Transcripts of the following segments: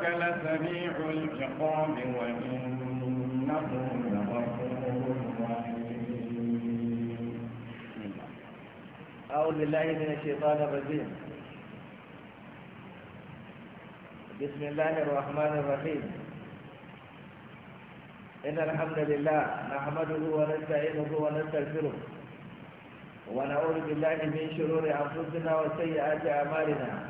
ربك لسميع العقاب وإنه لغفور رحيم أعوذ بالله من الشيطان الرجيم بسم الله الرحمن الرحيم إن الحمد لله نحمده ونستعينه ونستغفره ونعوذ بالله من شرور أنفسنا وسيئات أعمالنا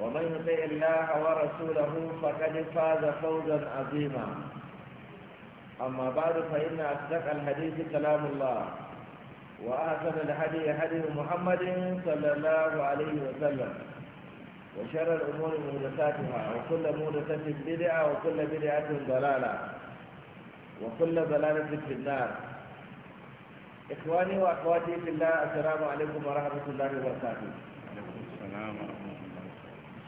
ومن يطع الله ورسوله فقد فاز فوزا عظيما أما بعد فإن أصدق الحديث كلام الله وأحسن الهدي هدي محمد صلى الله عليه وسلم وشر الأمور مهدساتها وكل مهدسة بدعة وكل بدعة ضلالة وكل ضلالة في النار إخواني وأخواتي في الله السلام عليكم ورحمة الله وبركاته. وعليكم السلام ورحمة الله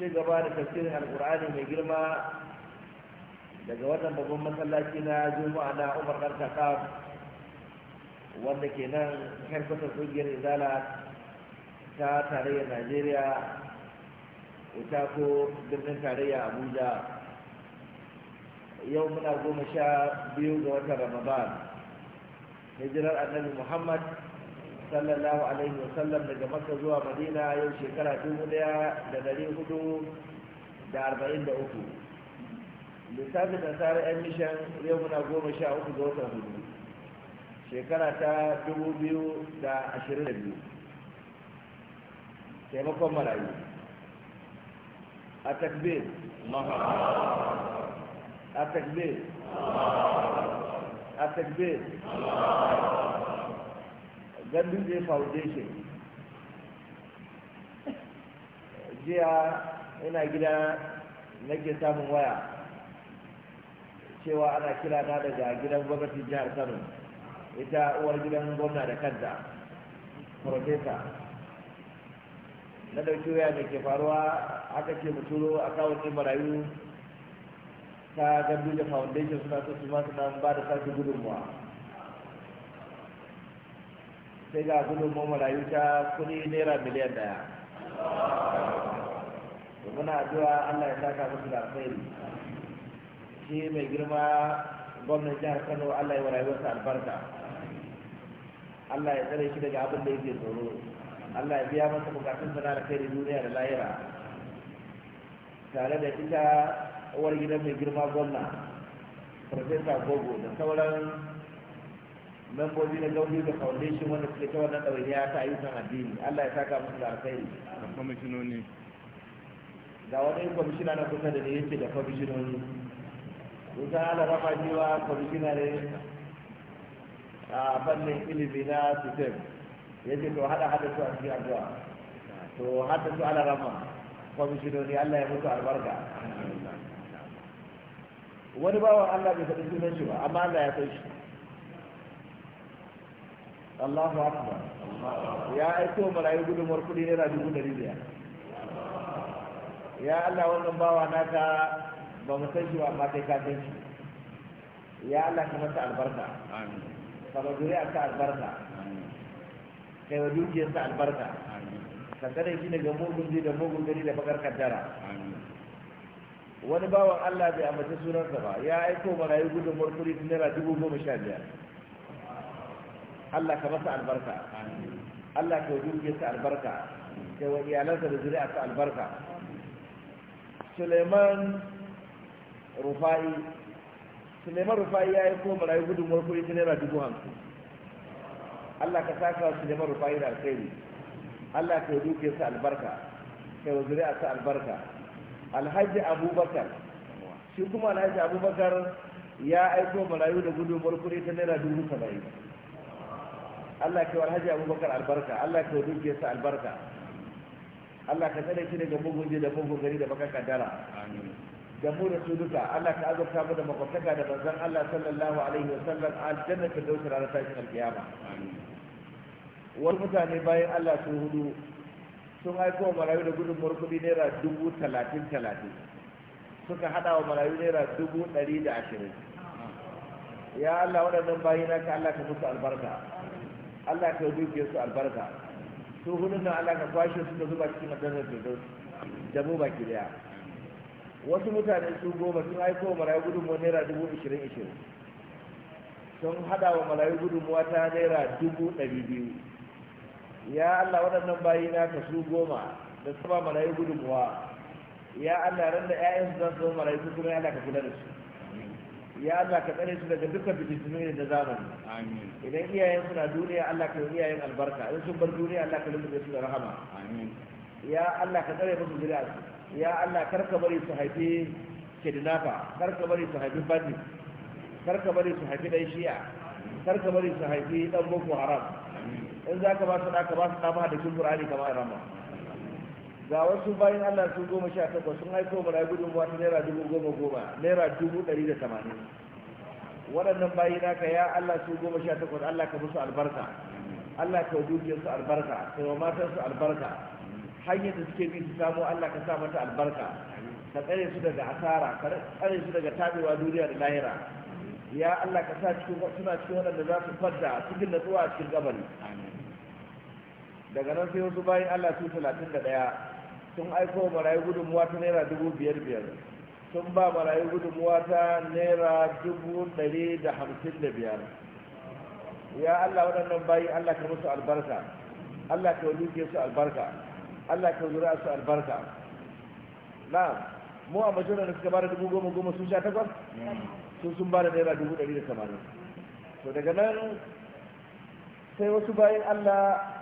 ce gaba da tafsirin alkur'ani mai girma daga wannan babban masallaci na juma'a na umar ɗarkaka wanda ke nan harkatar ƙungiyar izala ta tarayyar najeriya ita ko birnin tarayya abuja yau muna goma sha biyu ga watan ramadan hijirar annabi muhammad sallallahu alaihi wasallam daga makka zuwa madina yau shekara dubu daya da dari hudu da arba'in da uku lissafin nasarar yan mishan yau muna goma sha uku ga watan hudu shekara ta dubu biyu da ashirin da biyu taimakon marayu a takbir a takbir a takbir ganduje foundation jiya ina gida nake samun waya cewa ana kira na daga gidan gwamnati jihar kano ita uwar gidan gwamna da kanta profesa na dauki waya da ke faruwa aka ce muturo a kawon ne marayu ta da foundation suna so su masu nan ba da sake gudunmuwa sai ga gudunmu yi ta kudi naira miliyan daya da muna zuwa allah ya saka musu da alkhairi shi mai girma gwamnan jihar kano allah ya wasu albarka allah ya tsare shi daga abin da yake tsoro allah ya biya masa bukatun sana da kai duniya da lahira tare da ita uwar gidan mai girma gwamna farfesa gogo da sauran membobi na gauri da foundation wanda suke ta wannan ya ta ayyukan addini allah ya saka musu da alkhairi da kwamishinoni ga wani kwamishina na kusa da ne yake da kwamishinoni kusa ala rafa jiwa kwamishina ne a fannin ilimi na system yake to hada hada su a cikin addu'a to hada su ala rama kwamishinoni allah ya mutu albarka wani bawan allah bai faɗi sunan shi ba amma allah ya san shi Allahu akbar ya aiko marayu gudunmuwar kudi naira dubu ɗari biyar ya Allah wannan bawa naka ba mu san shi ba amma kai ka san shi ya Allah ka masa albarka amin ka ba zuriya ka albarka kai wa dukiyarsa albarka ka tsare shi daga mugun ji da mugun gari da bakar kaddara wani bawan Allah bai ambaci sunansa ba ya aiko marayu gudunmuwar kudi naira dubu goma sha biyar Allah ka masa albarka Allah ka yi sa albarka kai wa iyalansa da zuri'a sa albarka Suleiman Rufai Suleiman Rufai ya yi koma rayu gudunmuwar kuɗi ta naira dubu hamsin Allah ka saka wa Suleiman Rufai da alkhairi Allah ka yi sa albarka kai wa zuri'a sa albarka Alhaji Abubakar shi kuma Alhaji Abubakar ya aiko marayu da gudunmuwar kuɗi ta naira dubu saba'in Allah kai wa Alhaji Abubakar albarka Allah kai wa dukiyarsa albarka Allah ka tsare shi daga mugun da mugun gari da baka kaddara da mu da su duka Allah ka azurta mu da makwabtaka da manzon Allah sallallahu alaihi wa sallam aljanna ta dauki ranar tashin alkiyama wani mutane bayan Allah su hudu sun aiko wa marayu da gudun kuɗi naira dubu talatin talatin suka haɗa wa marayu naira dubu ɗari da ashirin ya Allah waɗannan bayi na ka Allah ka musu albarka Allah ya kai dukiyar su albarka su hudun nan Allah ka kwashe su da zuba cikin madarar da su da mu baki daya wasu mutane su goma sun aiko wa marayu gudunmuwa naira dubu ishirin ishirin sun hada wa marayu gudunmuwa ta naira dubu ɗari biyu ya Allah waɗannan bayi na ka su goma da saba marayu gudunmuwa ya Allah ran da 'ya'yansu zan zama marayu kuma ya Allah ka kula da su ya Allah ka tsare su daga dukkan fitintunu da zamani idan iyayen suna duniya Allah ka yi iyayen albarka idan sun bar duniya Allah ka lullube su da rahama ya Allah ka tsare musu zuri'a ya Allah kar ka bari su haifi kidnapper kar ka bari su haifi bandit kar ka bari su haifi dan shi'a kar ka bari su haifi dan boko haram in za ka ba su da ka ba su dama da kin qur'ani kamar rama ga wasu bayan Allah sun goma sha takwas sun haifo mara gudunmuwa ta naira dubu goma goma naira dubu ɗari da tamanin waɗannan bayi naka ya Allah sun goma sha takwas Allah ka musu albarka Allah ka dukiyar su albarka kai wa matan su albarka hanyar da suke bi su samu Allah ka sa mata albarka ka tsare su daga asara ka tsare su daga tabewa duniya da lahira ya Allah ka sa cikin suna cikin waɗanda za su fadda cikin natsuwa a cikin gabari daga nan sai wasu bayan Allah su talatin da ɗaya sun aiko marayu gudunmuwa ta naira dubu biyar biyar sun ba marayu gudunmuwa ta naira dubu ɗari da hamsin da biyar ya allah waɗannan bayi allah ka musu albarka allah ka duke su albarka allah ka zura su albarka na mu a majalar da suka ba da dubu goma goma sun sha takwas sun sun ba da naira dubu ɗari da samanin to daga nan sai wasu bayan allah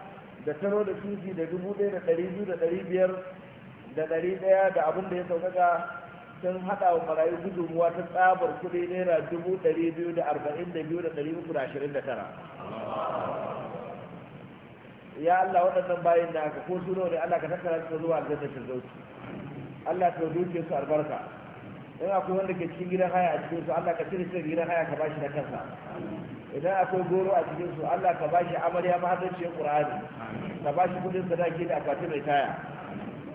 da taro da tuki da dubu ɗaya da ɗari biyu da ɗari biyar da dari daya da abin da ya saukaka sun hada wa marayu gudunmuwa ta tsabar kuɗi naira dubu dari biyu da arba'in da biyu da ɗari uku da ashirin da tara ya Allah waɗannan bayan da aka ko su ne Allah ka tattara su zuwa ta firdausi Allah ta duke su albarka in akwai wanda ke cikin gidan haya a cikin su Allah ka cire shi gidan haya ka bashi na kansa idan akwai goro a cikin su Allah ka bashi amarya mahadarciyar Qur'ani ka bashi kudin sadaki da akwati mai taya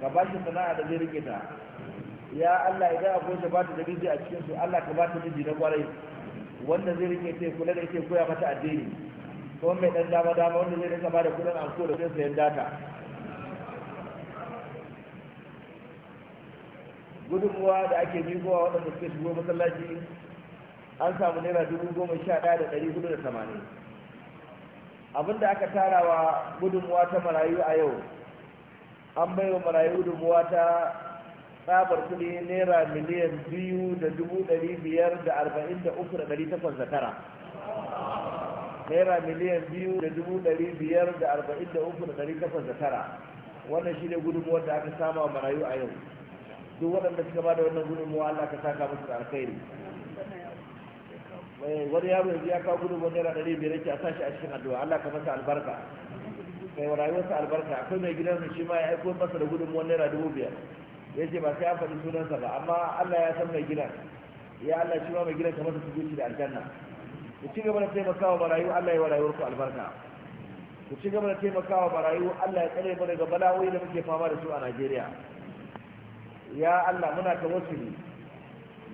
ka ba shi sana'a da zai rike ta ya Allah idan akwai shi ba ta da miji a cikin su Allah ka ba ta miji na kwarai wanda zai rike ta kula da ita koya mata addini ko mai dan dama dama wanda zai rika ba da kudin anko da zai sayan data gudunmuwa da ake miƙowa waɗanda suke shigo masallaci an samu naira dubu goma sha ɗaya da ɗari hudu da tamanin abinda aka tarawa gudunmuwa ta marayu a yau an bai wa marayu dubuwa ta tsabar kudi naira miliyan biyu da dubu ɗari biyar da arba'in da uku da ɗari takwas da tara naira miliyan biyu da dubu ɗari biyar da arba'in da uku da ɗari takwas da tara wannan shi ne gudunmuwar da aka sama wa marayu a yau duk waɗanda suka ba da wannan gudunmuwa Allah ka saka musu da alkhairi eh, wani yaro yanzu ya kawo gudunmuwar naira ɗari biyar yake a sashi a cikin addu'a Allah ka masa albarka mai rayuwarsa albarka akwai mai gidan shi ma ya aiko masa da gudunmuwan naira dubu biyar ya ce ba sai an faɗi sunansa ba amma allah ya san mai gidan ya allah shi ma mai gidan kamar su da aljanna ku ci gaba da taimakawa marayu allah ya wa rayuwarku albarka ku ci gaba da taimakawa marayu allah ya tsare mu daga bala'o'i da muke fama da su a najeriya ya allah muna tawassuli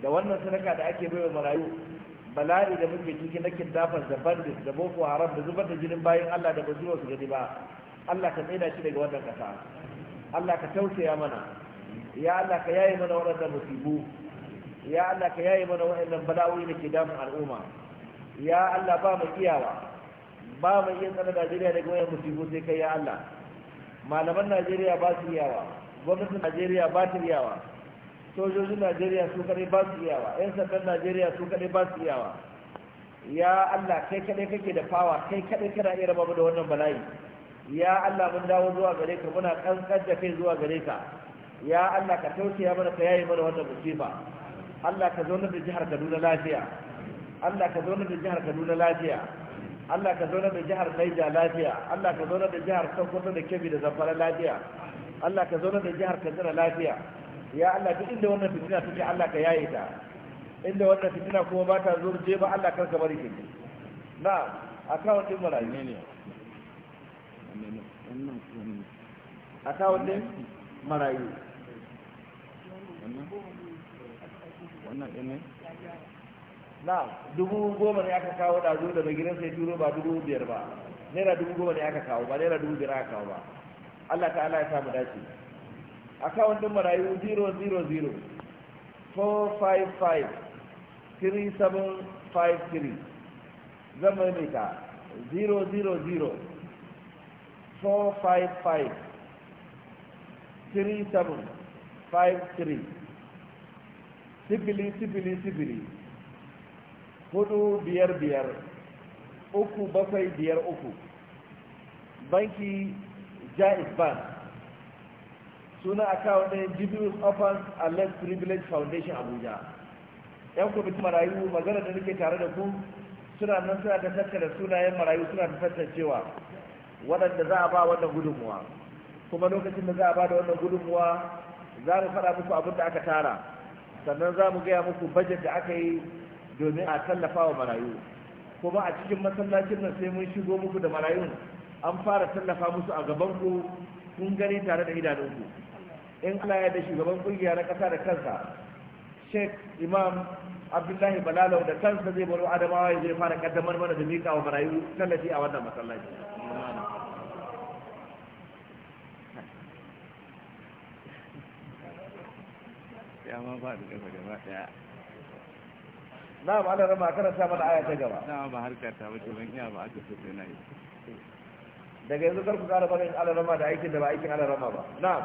da wannan sadaka da ake baiwa marayu bala'i da muke ciki na kidafar da bandit da boko haram da zubar da jinin bayan Allah da bazuwa su gani ba Allah ka tsaida shi daga wannan kasa Allah ka tausaya mana ya Allah ka yaye mana waɗannan musibu ya Allah ka yaye mana waɗannan bala'o'i da ke damun al'umma ya Allah ba mu iyawa ba mu iya tsara Najeriya daga wayan musibu sai kai ya Allah malaman Najeriya ba su iyawa gwamnatin Najeriya ba ta iyawa sojojin najeriya su kaɗai ba su iyawa yan sandan najeriya su kaɗai ba su iyawa ya allah kai kadai kake da fawa kai kadai kana iya raba da wannan bala'i ya allah mun dawo zuwa gare ka muna kankan da kai zuwa gare ka ya allah ka tausaya mana ka yaye mana wannan musifa. allah ka zauna da jihar kaduna lafiya allah ka zauna da jihar kaduna lafiya Allah ka zauna da jihar Naija lafiya Allah ka zauna da jihar Sokoto da Kebbi da Zamfara lafiya Allah ka zauna da jihar Katsina lafiya ya Allah duk inda wannan fitina take Allah ka yaye ta inda wannan fitina kuma ba ta je ba Allah kar ka bari ta na akawun din marayi ne akawun din marayi wannan din ne na dubu goma ne aka kawo da zo da mai sai turo ba dubu biyar ba naira dubu goma ne aka kawo ba naira dubu biyar aka kawo ba Allah ta'ala ya samu dace Account number marayu 000 455 3753 zero zero zero four five five three seven five three. maimaita 000 455 3753 sifili sifili sifili hudu biyar biyar oku. bakwai biyar uku banki jai bank suna account ɗaya Jibius Orphans and Less Privilege Foundation Abuja. ‘Yan kwamitin marayu magana da nake tare da ku suna nan suna ta tattara sunayen marayu suna ta tattacewa waɗanda za a ba wannan gudunmuwa. Kuma lokacin da za a ba da wannan gudunmuwa za mu faɗa muku abin da aka tara sannan za mu gaya muku bajet da aka yi domin a tallafa wa marayu. Kuma a cikin masallacin nan sai mun shigo muku da marayun an fara tallafa musu a gaban ku kun gani tare da idanunku. in ana yadda da shugaban kungiya na kasa da kansa Sheikh Imam Abdullahi Balalau da kansa zai baro Adamawa ya zai fara kaddamar mana da mika wa marayu tallafi a wannan masallaci ya ma ba da kafa gaba daya rama mana aya ta gaba na ba harkar ta bace ban iya ba aka so sai na yi daga yanzu karku kara barin da aikin da ba aikin alarama ba na'am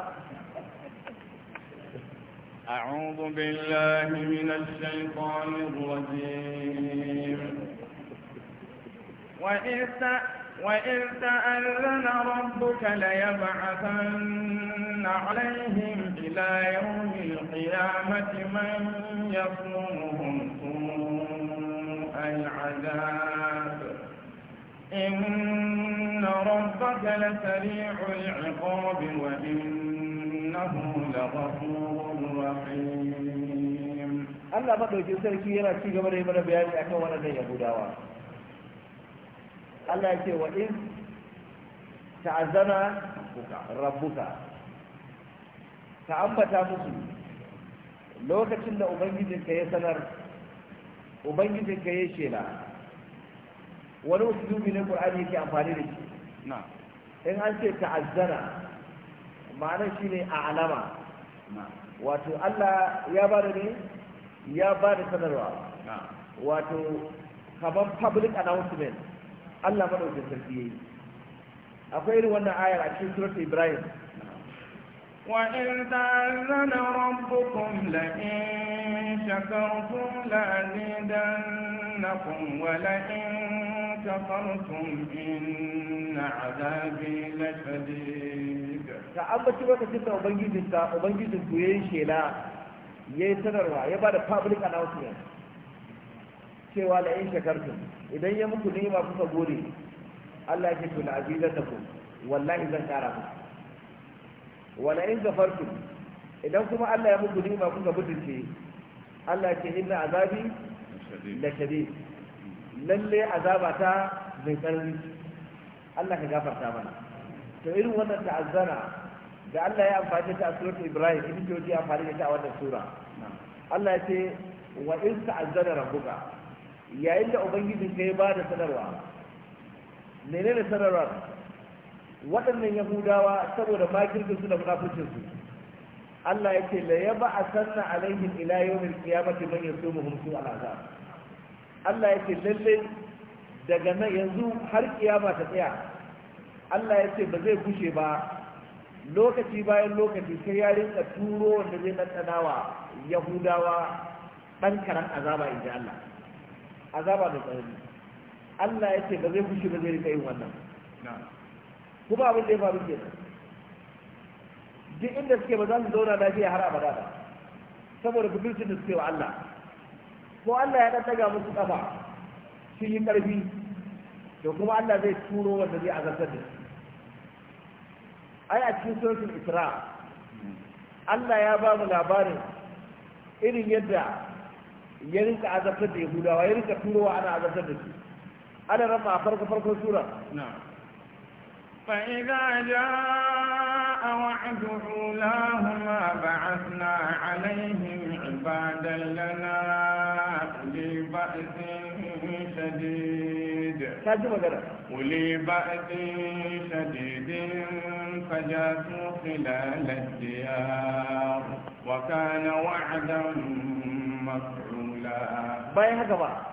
أعوذ بالله من الشيطان الرجيم وإذ تأذن ربك ليبعثن عليهم إلى يوم القيامة من يصومهم سوء العذاب إن ربك لسريع العقاب وإن إنه لغفور رحيم الله ما دوجي سركي yana ci gaba da yi mana bayani akan wannan gudawa. Allah ya ce wa in ta'azzana rabbuka ka ambata musu lokacin da ubangijinka ya sanar ubangijinka ya shela wani wasu usulubi na qur'ani ke amfani da shi in an ce ta'azzana ma'ana shi ne a alama wato Allah ya ba da ne ya ba da sanarwa wato kamar public announcement Allah madaukin sarki yi akwai irin wannan ayar a cikin surat Ibrahim وإذ تأذن ربكم لئن شكرتم لأزيدنكم ولئن كفرتم إن عذابي لشديد تعبت lokacin da ubangijinka ubangijin ku yayi shela sanarwa ya bada public announcement cewa la in idan ya muku kuka gode Allah ya ce idan kuma Allah ya muku ni'ima kuka butulce Allah ya inna azabi la shadid lalle azaba ta mai tsanani Allah ka gafarta mana to irin wannan ta'azzara da Allah ya amfani ta a Ibrahim ibn Jawzi ya amfani da ta a wannan sura Allah ya ce wa in ta'azzara rabbuka yayin da ubangijin ka ya ba da sanarwa menene sanarwar waɗannan yahudawa saboda makirkin su da munafucin su Allah ya ce la a alaihim ila yawmil qiyamati man yasumuhum su'al azab Allah ya ce lalle daga nan yanzu har kiyama ta tsaya Allah ya ce ba zai gushe ba lokaci bayan lokaci sai ya rinka turo wanda zai ɗanɗanawa yahudawa ɗan karan azaba in ji Allah azaba da tsanani Allah ya ce ba zai gushe ba zai rinka yin wannan kuma abin da ya faru nan duk inda suke ba za su zauna lafiya har abada ba saboda kubilcin da suke wa Allah ko Allah ya daga musu kafa sun yi karfi to kuma Allah zai turo wanda zai azabtar da su ai a cikin suratul isra Allah ya ba mu labarin irin yadda ya rinka azabtar da yahudawa ya rinka turowa ana azabtar da su ana rama a farko farko sura فإذا جاء وعد أولاهما بعثنا عليهم عبادا لنا شديد ولي بأس شديد فجاسوا خلال الديار وكان وعدا مفعولا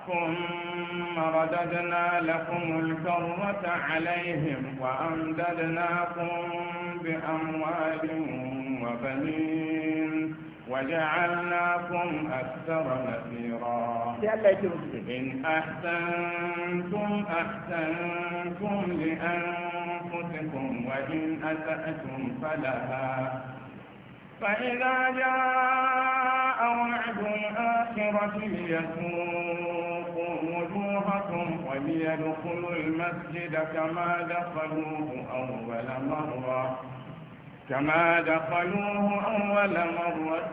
ثم رددنا لكم الكرة عليهم وأمددناكم بأموال وبنين وجعلناكم أكثر نفيرا إن أحسنتم أحسنتم لأنفسكم وإن أسأتم فلها فإذا جاء وعد الآخرة ليسوقوا وجوهكم وليدخلوا المسجد كما دخلوه أول مرة كما دخلوه أول مرة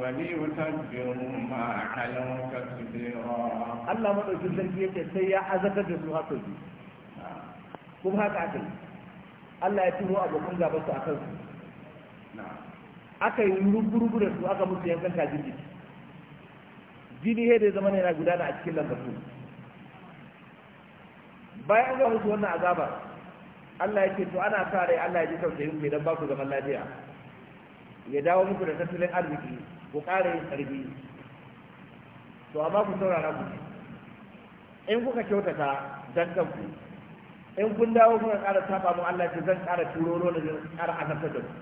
وليتبروا ما حلوا تكبيرا الله مدعو sarki yake sai ya azatar da كم هات ji الله يتوه أبو yi Allah أكل نعم aka yi rubu-rubu da su aka musu yankan kajin jiki jini he da zama ne na gudana a cikin lambatu bayan ga musu wannan azabar Allah yake to ana sa rai Allah ya ji tausayin idan ba ku zaman lafiya ya dawo muku da tattalin arziki ku ƙara yin ƙarfi to amma ku saurara ku in kuka kyautata dan ku in kun dawo kuka ƙara saba mu Allah ce zan ƙara turo ruwa da zan ƙara azabtar da ku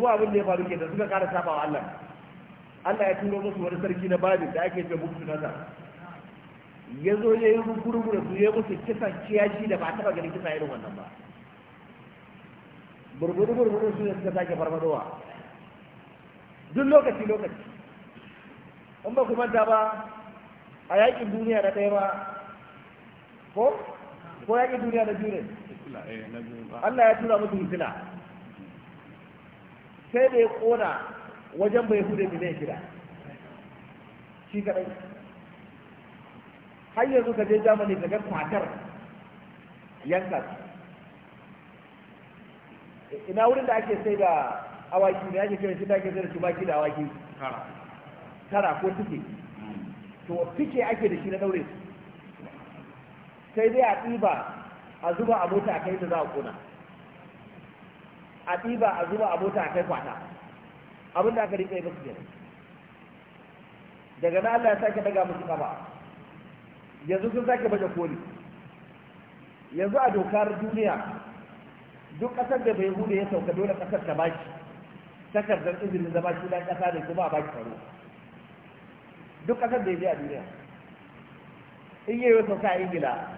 kuma abin da ya faru ke da suka ƙara saba wa Allah Allah ya turo musu wani sarki na babin da ake ce muku nasa ya zo ya yi rugurugu da su ya musu kisan kiyashi da ba taba ganin kisa irin wannan ba burburu-burburu su ne suka sake farfadowa duk lokaci lokaci in ba ku manta ba a yakin duniya na ɗaya ba ko ko yakin duniya na biyu ne eh, Allah ya tura musu hitila sai da ya kona wajen bai hude miliyan shida shi kaɗai har yanzu ka je zamani ka ga matar yanka ina wurin da ake sai da awaki ne ake kiran shi da ake sai da tumaki da awaki tara ko tike to tike ake da shi na daure sai dai a ɗiba a zuba a mota a kai da za a kona a ɗiba a zuba a mota a kai kwata abin da aka rike musu kenan daga na Allah ya sake daga musu kafa yanzu sun sake baje koli yanzu a dokar duniya duk ƙasar da bai hude ya sauka dole ƙasar ta baki takardar izinin zama shi na ƙasa ne kuma a baki tsaro duk ƙasar da ya je a duniya in yi sauka a ingila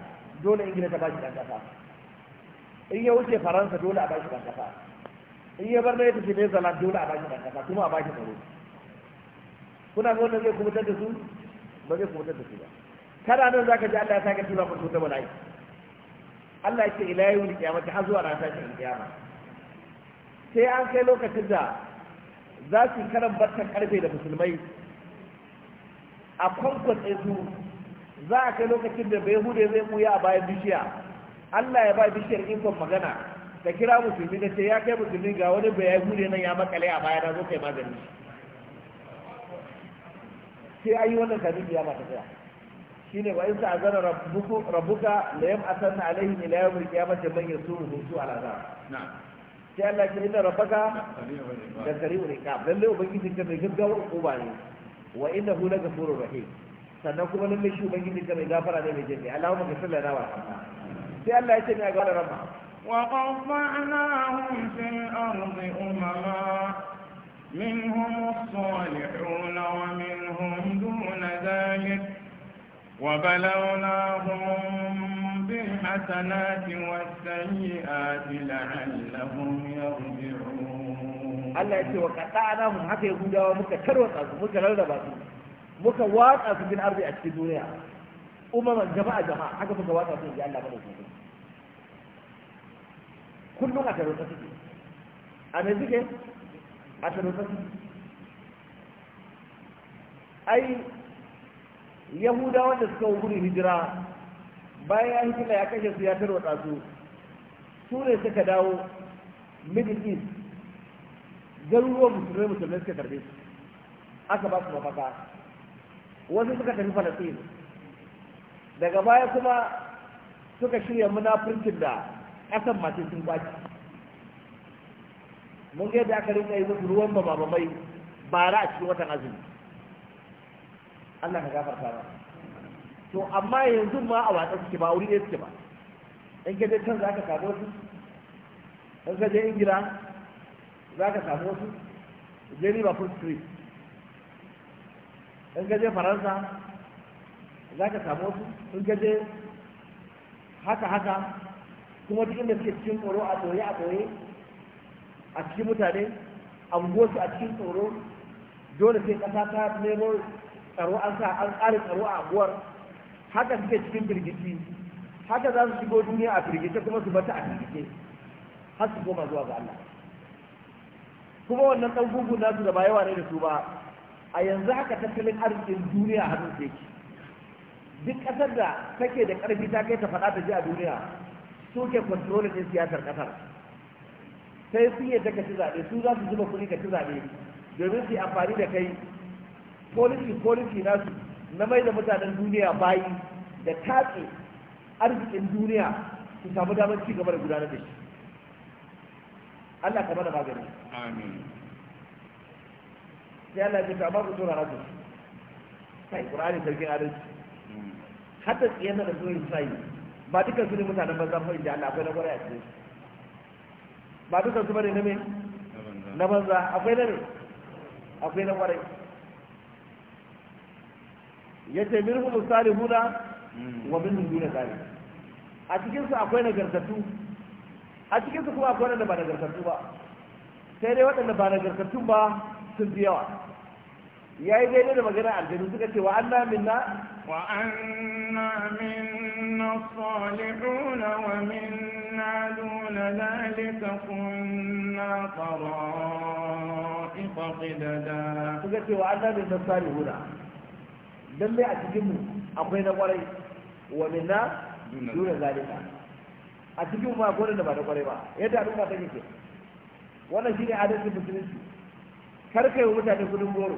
dole ingila ta baki dan kasa in ya wuce faransa dole a baki dan kasa in ya bar na ya tafi nezalan dole a baki dan kasa kuma a baki tsaro kuna ga wannan zai kuma da su ba zai kuma da su ba kana nan zaka ji Allah ya saka tura ku ta bala'i Allah ya ce ila ni kiyama har zuwa sashi tashin kiyama sai an kai lokacin da za su karan barkan karfe da musulmai a kwankwatsa su za a kai lokacin da bai hude zai muya a bayan bishiya Allah ya ba bishiyar ikon magana da kira musulmi da ce ya kai musulmi ga wani bai hude nan ya makale a baya na zo kai magani sai ayi wannan kamin kiyama ta tsaya shine wa in sa'azana rabbuka rabbuka la yam'atanna alaihim ila yawmil qiyamati man yasuru su ala za na'am sai Allah ya inna rabbaka da karimu iqab lalle ubangiji ka mai gaggawar uba ne wa innahu lagafurur rahim sannan kuma lalle shi ubangiji ka mai gafara ne mai jinni Allahumma ka sallana wa sai Allah ya ce ni a ga rabba وقطعناهم في الأرض أمما منهم الصالحون ومنهم دون ذلك وبلوناهم بالحسنات والسيئات لعلهم يرجعون الله يقول وقطعناهم حتى يهودا ومكة كروت أسو مكة لولا muka watsa su bin arzi a cikin duniya umaman jama'a jama'a haka muka watsa su ji Allah madaukakin sarki kullum a tarota suke a me yahuda wanda suka gudun hijira bayan ya hijira ya kashe su ya tarwata su su ne suka dawo middle east garuruwan musulmai musulmai suka karbe su aka ba su mafaka wasu suka tafi falastin daga baya kuma suka shirya munafurcin da ƙasan masu sun kwaci mun ga yadda aka rinka yi musu ruwan bamabamai bara a cikin watan azumi Allah ka gafarta ba to amma yanzu ma a watsa suke ba wuri ɗaya suke ba in ka je can za ka samu wasu in ka je ingila za ka samu wasu je liverpool street in ka je faransa za ka samu wasu in ka je haka haka kuma duk inda suke cikin tsoro a tsoye a tsoye a cikin mutane a anguwarsu a cikin tsoro dole sai ƙasa ta nemo tsaro an sa an ƙare tsaro a abuwar haka suke cikin firgici haka za su shigo duniya a firgice kuma su bata a firgice har su koma zuwa ga Allah kuma wannan ɗan gugu nasu da ba yawa ne da su ba a yanzu haka tattalin arzikin duniya har su yake duk ƙasar da take da ƙarfi ta kai ta faɗa ta ji a duniya suke kwantrolin ɗin siyasar ƙasar sai sun yi ka ci zaɓe su za su zuba kuɗi ka ci zaɓe domin su yi amfani da kai policy policy nasu na mai da mutanen duniya bayi da tatse arzikin duniya su samu damar ci gaba da gudanar da shi Allah ka mana magani amin sai Allah ya ce amma ku tura rabu sai Qur'ani sarkin adalci hmm. hatta tsiyan da zuwa sai ba dukkan su ne mutanen banza fa inda Allah akwai na gwara a cikin ba dukkan su bane na me na banza akwai na ne akwai na gwara yace minhum huda wa min minhum na salih a cikin akwai nagartattu a cikin kuma akwai wanda ba nagartattu ba sai dai waɗanda ba nagartattun ba sun fi yawa Ya yi daidai da magana aljanu suka ce wa anna minna wa anna minna salihun wa minna duna zalika kunna tara'iqa qidada suka ce wa anna minna salihun mai a cikin mu akwai na kwarai wa minna duna zalika a cikin mu akwai da ba da kwarai ba yadda al'umma ta yake wannan shine adalcin musulunci kar kai wa mutane kudin goro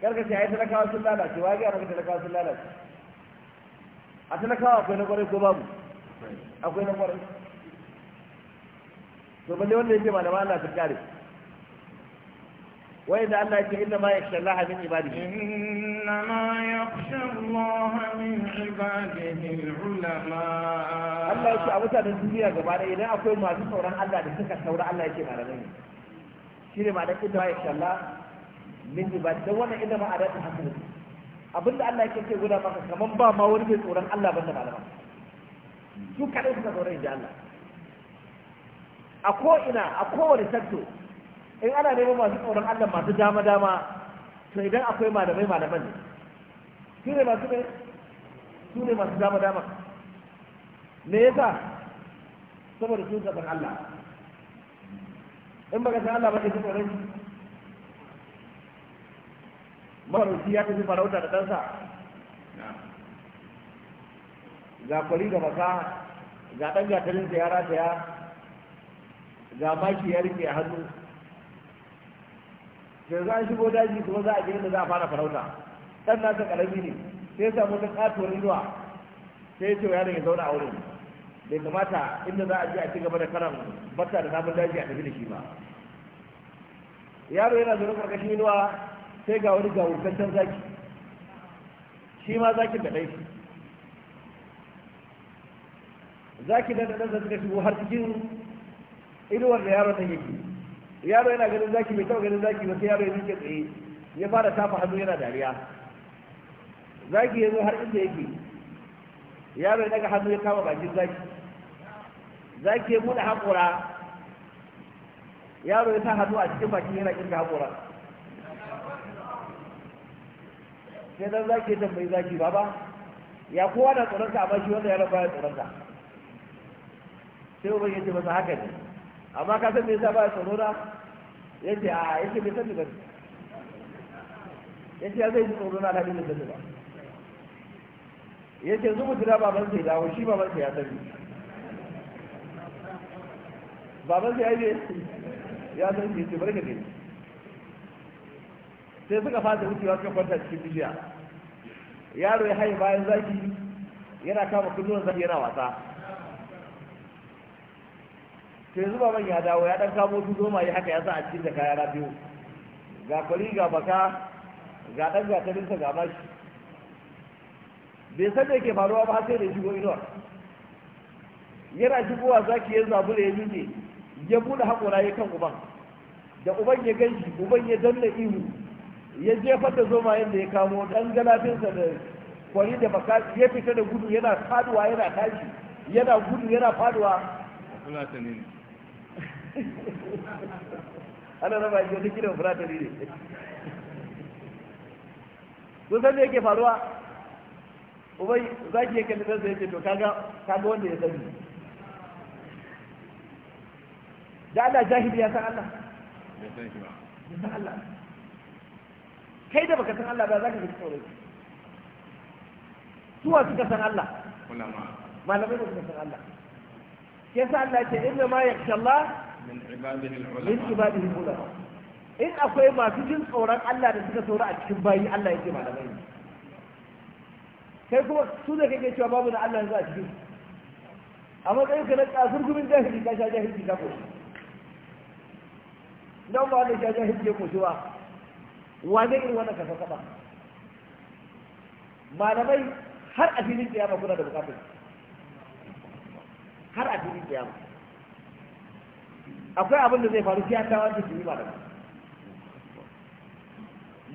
kar ka ce ai talakawa sun lalace wa ga maka talakawa sun lalace a talakawa akwai na kwarai ko babu akwai na kwarai to balle wanda yake malama Allah ta kare وإذا قال لك إنما يخشى الله من عباده إنما يخشى الله من عباده العلماء الله يشاء متى الدنيا gaba da idan akwai masu tsoron Allah da suka saura Allah yake malamai shi ne ma'anar inda ma yasha Allah min ibadi dan wannan inda ma adat hasan abinda Allah yake guda maka kaman ba ma wani mai tsoron Allah banda malama su kadai suka tsoron da Allah a ko ina a kowane sector in ana neman masu tsoron Allah masu dama dama to idan akwai malamai malaman ne su ne masu ne su ne masu dama dama me yasa saboda sun zaɓar Allah in baka san Allah ba ke tsoron shi mafarauci ya tafi farauta da ɗansa ga kwari da baka ga ɗan gatarinsa ya rataya ga maki ya rike a hannu yanzu an shigo daji kuma za a je da za a fara farauta dan nasa karami ne sai samu ta katuwar inuwa sai ya ce yaron ya zauna a wurin bai kamata inda za a je a ci gaba da karan bata da sabon daji a tafi da shi ba yaro yana zaune karkashin inuwa sai ga wani gawurtaccen zaki shi ma zakin da ɗai zaki da ɗansa suka shigo har cikin inuwar da yaron nan yake yaro yana ganin zaki mai taɓa ganin zaki ba sai yaro ya miƙe tsaye ya fara tafa hannu yana dariya zaki ya zo har inda yake yaro ya daga hannu ya kama bakin zaki zaki ya buɗe haƙora yaro ya sa hannu a cikin bakin yana kirka haƙura sai dan zaki ya tambayi zaki baba ya kowa na tsoronka amma shi wanda yaron baya tsoronka sai ubangiji ya ce masa haka ne amma ka san me yasa ba tsaro na yace a me bai sani bane yace ya zai ji tsoro na hadin da ba yace zuwa jira baban sai dawo shi baban sai ya sani baban sai ya yi ya san shi ce barka dai sai suka fasa wucewa suka kwanta cikin bishiya yaro ya haye bayan zaki yana kama kullum zaki yana wasa to yanzu man ya dawo ya dan kamo su zoma ya haka ya sa a cikin da kaya na biyu ga kwari ga baka ga dan gatarinsa ga bashi bai san da yake faruwa ba sai da shigo inuwa yana shigowa za ki zabu da ya nune ya bude haƙora ya kan uban da uban ya gan shi uban ya danna ihu ya jefar da zoma yadda ya kamo dan galafinsa da kwari da baka ya fita da gudu yana faduwa yana tashi yana gudu yana faduwa ana raba shi wata kiran firatari ne kun san me yake faruwa ubai zaki yake da sa yake to kaga kaga wanda ya sani da Allah jahili ya san Allah ya san Allah kai da baka san Allah ba za ka ji tsoron suwa suka san Allah malamai ba suka san Allah sa Allah ce inna ma yakhsha Allah min ibadihi ulama in akwai masu jin tsoron Allah da suka tsoro a cikin bayi Allah yake malamai kai kuma su da kake cewa babu da Allah yanzu a cikin a matsayin ka na kasur gumin jahili ka sha jahili ka ko don ba wanda sha jahili ya kusuwa ba wa zai irin wannan kasa kaba malamai har a filin kiyama kuna da bukatar har a filin kiyama akwai abin da zai faru sai an dawo jini shi malamai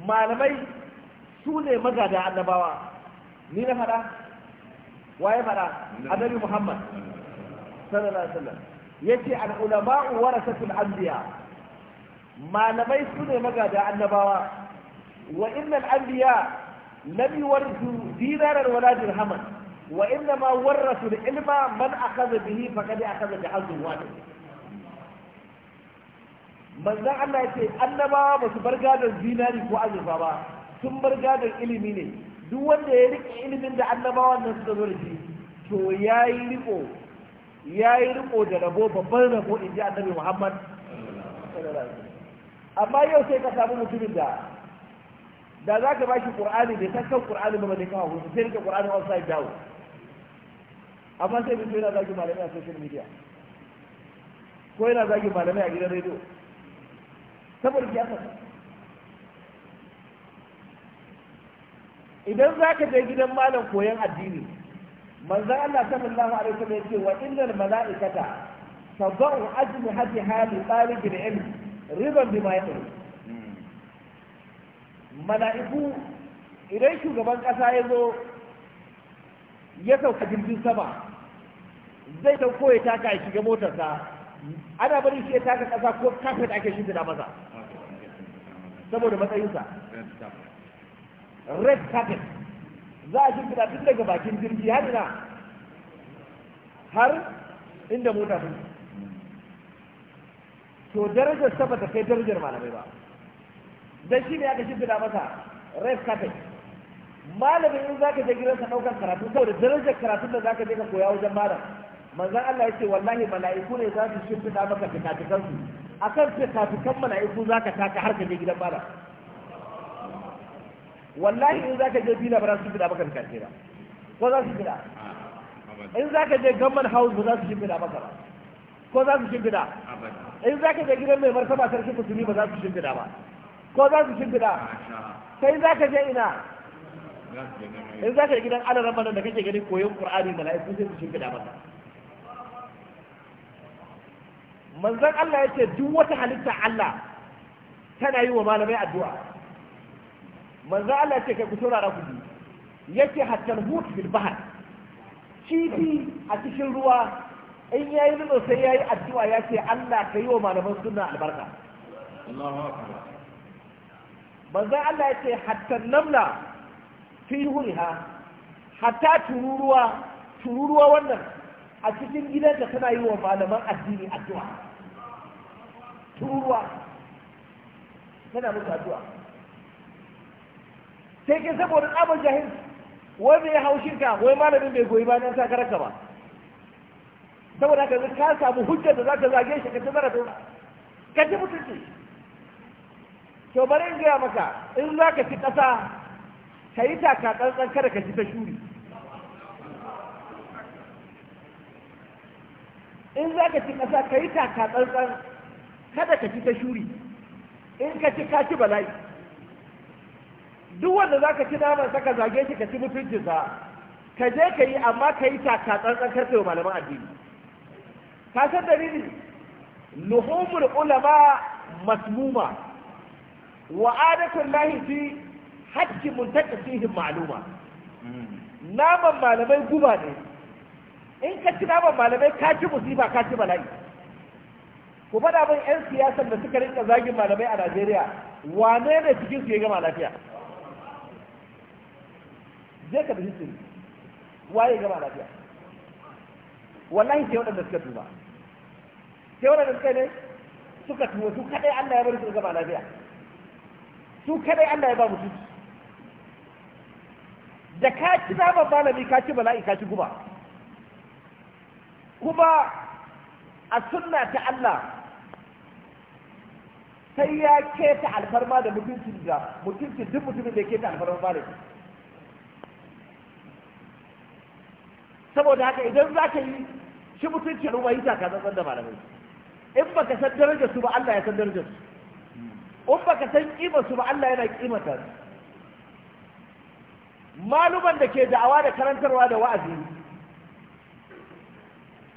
malamai su ne magada annabawa ni na faɗa waye faɗa annabi muhammad sallallahu alaihi wasallam yace al ulama'u warasatul anbiya malamai su ne magada annabawa wa innal anbiya lam yuwarithu dinaran wala dirhaman wa innama warathu al ilma man akhadha bihi faqad akhadha bi hazzin wahid manzan Allah ya ce annabawa ba su bar gadon zinari ko azurfa ba sun bar gadon ilimi ne duk wanda ya rike ilimin da annabawa nan suka zo da shi to ya yi riko ya yi riko da rabo babban rabo in ji annabi Muhammad amma yau sai ka samu mutumin da da za ka bashi qur'ani da san kan qur'ani ba ne kawo su sai rike qur'ani outside dawo amma sai mutum yana zagi malamai a social media ko yana zagi malamai a gidan rediyo saboda siyasa idan za ka je gidan malam koyon addini manzan Allah sallallahu alaihi wasallam ya ce wa innal mala'ikata tabu'u ajmi Haji hali talibil ilm riban ma yi mala'iku idan shugaban kasa ya zo ya sauka jirgin sama zai dauko ya taka ya shiga motarsa ana bari shi ya taka kasa ko kafin ake shimfiɗa masa saboda matsayinsa red carpet za a shimfida tun daga bakin jirgi har ina har inda mota sun to darajar sa ta kai darajar malamai ba dan shi ne aka shimfida masa red carpet malamin in zaka je gidansa ɗaukar karatu saboda darajar karatun da zaka je ka koya wajen malam manzon Allah ya ce wallahi mala'iku ne za su shimfiɗa maka fikafikan su kan fikafikan mala'iku za ka taka har ka je gidan bala wallahi in za ka je fila ba za su shimfiɗa maka fikafikai ko za su shimfiɗa in za ka je gamman house ba za su shimfiɗa maka ba ko za su shimfiɗa in za ka je gidan mai martaba sarki kusuri ba za su shimfiɗa ba ko za su shimfiɗa sai za ka je ina in za ka je gidan alaran da kake ganin koyon qur'ani mala'iku sai su shimfiɗa maka manzon Allah ya ce duk wata halitta Allah tana yi wa malamai addu'a manzon Allah ya ce kai ku da ku Ya ce hatta hut bil bahr kifi a cikin ruwa in ya yi nuno sai ya yi addu'a ya ce Allah kai wa malaman sunna albarka Allahu akbar manzon Allah yace hatta namla fi ha, hatta tururuwa tururuwa wannan a cikin gidanta tana yi wa malaman addini addu'a tururuwa yana musu addu'a sai ke saboda tsabar jahil wai ya hau shirka wai malamin bai goyi bayan sa karaka ba saboda haka ka samu hujjar da za ka zage shi ka ci zarafin ka ci mutunci to bari in gaya maka in za ka ci ƙasa ka yi taka tsantsan kada ka ci ta shuri in za ka ci ƙasa ka yi taka tsantsan kada ka ci ta shuri in ka ci ka ci bala'i duk wanda za ka ci naman sa ka zage shi ka ci mutuncinsa ka je ka yi amma ka yi taka tsantsan karfe wa malaman addini ka san dalili luhumul ulama masmuma wa adatun lahi fi hajji muntakasihim ma'luma naman malamai guba ne in ka ci naman malamai ka ci musiba ka ci bala'i ku faɗa min 'yan siyasar da suka rinka zagin malamai a najeriya wane ne cikin su ya gama lafiya je ka da history waye gama lafiya wallahi sai waɗanda suka tuba sai waɗanda suka ne suka tuba su kadai Allah ya bari su gama lafiya su kadai Allah ya ba mu mutunci da ka ci naman malami ka ci bala'i ka ci guba kuma a sunna ta Allah sai ya keta alfarma da mutuncin da mutuncin duk mutumin da ya keta alfarma ne saboda haka idan za ka yi shi mutunci ruwa yi kasar san da malamai in ba ka san darajar su ba Allah ya san darajar su in ba ka san kimar su ba Allah yana kimata su maluman da ke da'awa da karantarwa da wa'azi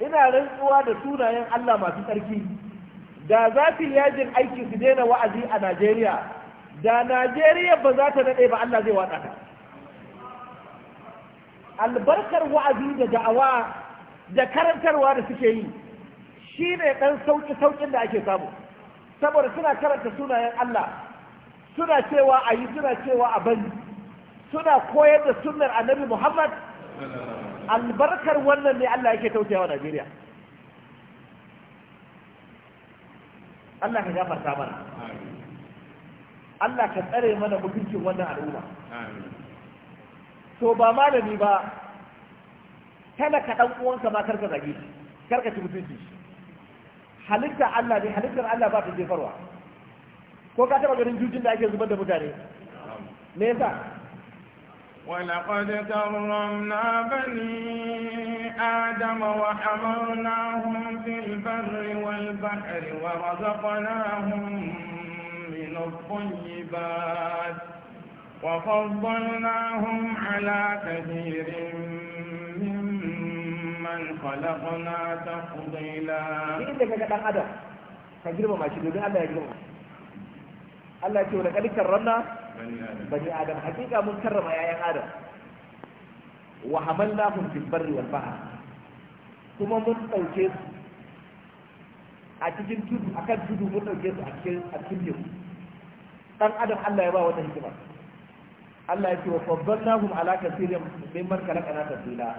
ina rantsuwa da sunayen Allah masu tsarki da za su yajin aiki su daina wa'azi a Najeriya da Najeriya ba za ta daɗe ba Allah zai waɗa ta albarkar wa'azi da da'awa da karantarwa da suke yi shi ne ɗan sauƙi-sauƙin da ake samu saboda suna karanta sunayen Allah suna cewa a yi suna cewa a bari suna koyar da sunnar annabi Muhammad albarkar wannan ne Allah yake tausaya wa Najeriya Allah ka gafarta mana Allah ka tsare mana mutuncin wannan al'umma to ba malami ba kana ka dan uwanka ma karka zage shi karka ci mutunci shi halitta Allah ne halittar Allah ba ta jefarwa ko ka taba ganin jujin da ake zubar da mutane me yasa ولقد كرمنا بني آدم وحمرناهم في البر والبحر ورزقناهم من الطيبات وفضلناهم على كثير ممن خلقنا تفضيلا. ka girmama shi domin Allah ya girmama الله ya ce wani kalikan ranna bani adam hakika mun karrama yayan adam wa hamalnahum fil barri wal bahr kuma mun dauke su a cikin tudu akan tudu mun dauke su a cikin a cikin teku dan adam Allah ya ba wannan hikima Allah ya ce wa faddalnahum ala kathirin mimman khalaqna tafsila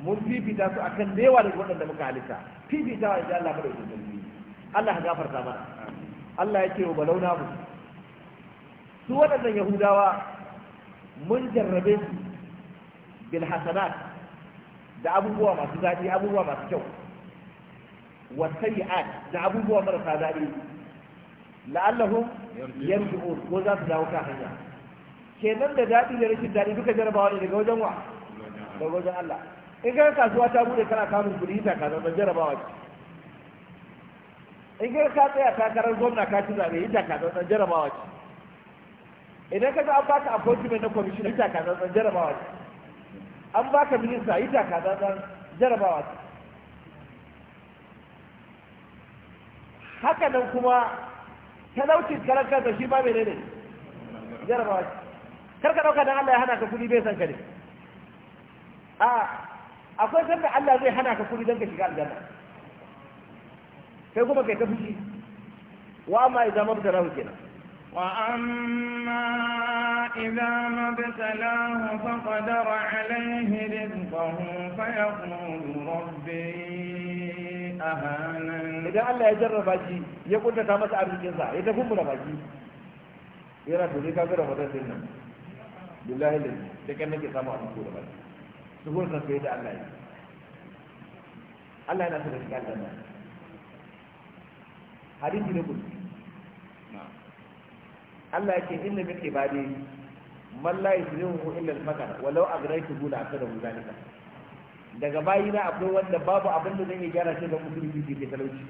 mun fifita su akan da yawa daga waɗanda muka halitta fifita wa idan Allah madaukakin sarki Allah ya gafarta mana Allah ya ce wa balawnahum su waɗannan yahudawa mun jarrabe su bil hasanat da abubuwa masu daɗi abubuwa masu kyau wa sayyi'at da abubuwa marasa daɗi la'allahu yarji'un ko za su dawo ka hanya kenan da daɗi da rashin daɗi duka jarabawa ne daga wajen wa daga wajen Allah in ka kasuwa ta bude kana kamun kuɗi ta kaza ban jarabawa ce in ka tsaya takarar gwamna ka ci zaɓe ita kaza ban jarabawa ce idan ka ga an baka appointment na commissioner ka takatsantsan jarabawa ce an baka minista ka takatsantsan jarabawa ce haka nan kuma talaucin karan da shi ba mai ne jarabawa ce karka dauka dan Allah ya hana ka kudi bai san ka ne a akwai sanda Allah zai hana ka kudi dan ka shiga aljanna kai kuma kai ta fushi wa amma idan mabda rahu kenan وأما إذا ما ابتلاه فقدر عليه رزقه فيقول ربي أهانن إذا ألا يجرب باجي يقول لك ما تعرف الجزاء إذا كم من أجي يرى تلك أجر فتاة سنة بالله الذي تكنك سامع رسول الله سهول سفيد الله الله ينسى لك الجنة حديث نقول Allah yake inna min ibadi man la yuzlihu illa al-fakar walau agraitu bula akada zalika daga bayina akwai wanda babu abin da zan yi gyara shi da musulunci da ke talauci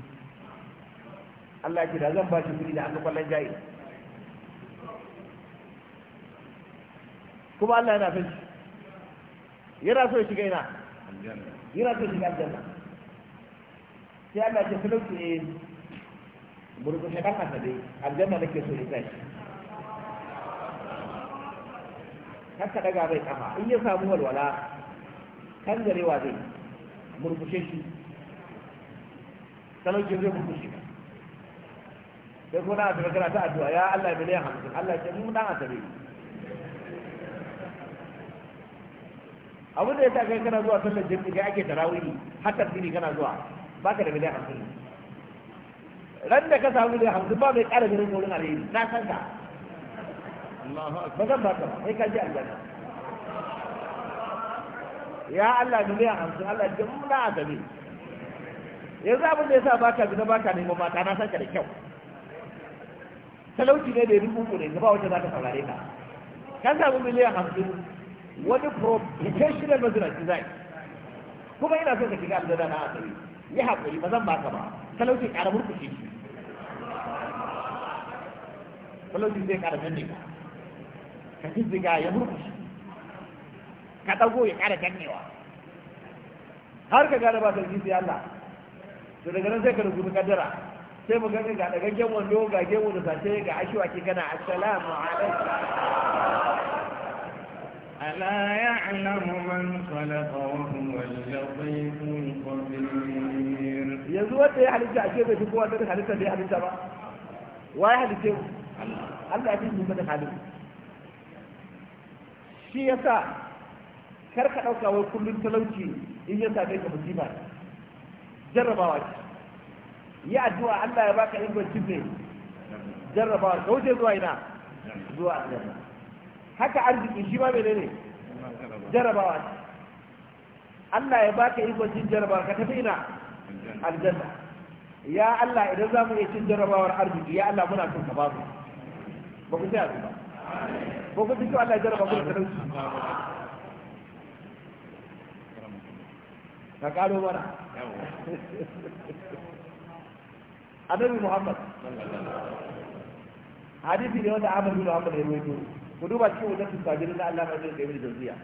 Allah ya ce da zan ba shi kuɗi da aka kwallon jayi kuma Allah yana son shi yana so shiga ina yana so shiga aljanna sai Allah ya ce talauci ne burkushe ɗan dai aljanna nake so ya tashi kar ka daga bai kafa in ya samu walwala kan garewa zai murkushe shi talaucin zai murkushe ka sai kuma na tafi kana addu'a ya Allah ya miliyan hamsin Allah ya mun dan asabe abin da ya sa kai kana zuwa sallar jirgi kai ake tarawihi haka tafsiri kana zuwa baka da miliyan hamsin ran da ka samu miliyan hamsin ba mai ƙara ganin wurin alheri na san ka ba zan baka ba sai ka ji aljanna ya Allah miliyan hamsin Allah jimla a gabe yanzu abin da ya sa baka zina baka neman mata na san ka da kyau talauci ne da ya rubu ne gaba wacce za ka saurare ka ka samu miliyan hamsin wani professional mazinaci design. kuma ina son ka shiga aljanna na asali yi haƙuri ba zan baka ba talauci ƙara murkushe shi talauci zai ƙara canne ka ka fizziga ya murkushe ka ɗago ya ƙara dannewa har ka gane ba sarki sai Allah to daga nan sai ka rubuta kaddara sai mu gani ga dagaggen wando ga gemu da sace ga ashiwa ke kana assalamu alaikum ala ya'lamu man khalaqa wa huwa al-latiful khabir yanzu wanda ya halitta a bai shi kowa da halitta da ya halitta ba wai halitta Allah ya fi mu da halitta shi sa kar ka ɗauka wa kullum talauci in ya kai ka musiba jarrabawa ce yi addu'a Allah ya baka ingancin ne jarrabawa ka wuce zuwa ina zuwa aljanna haka arziki shi ma menene jarrabawa ce Allah ya baka ingancin jarrabawa ka tafi ina aljanna ya Allah idan za mu iya cin jarrabawar arziki ya Allah muna son ka ba mu ba ku sai ba ko ko bisu Allah ya jarraba ku da talauci ka karo mana annabi Muhammad hadisi ne wanda Ahmad bin Muhammad ya rawaito ku duba cikin wajen sabirin na Allah mai da kai da zuciya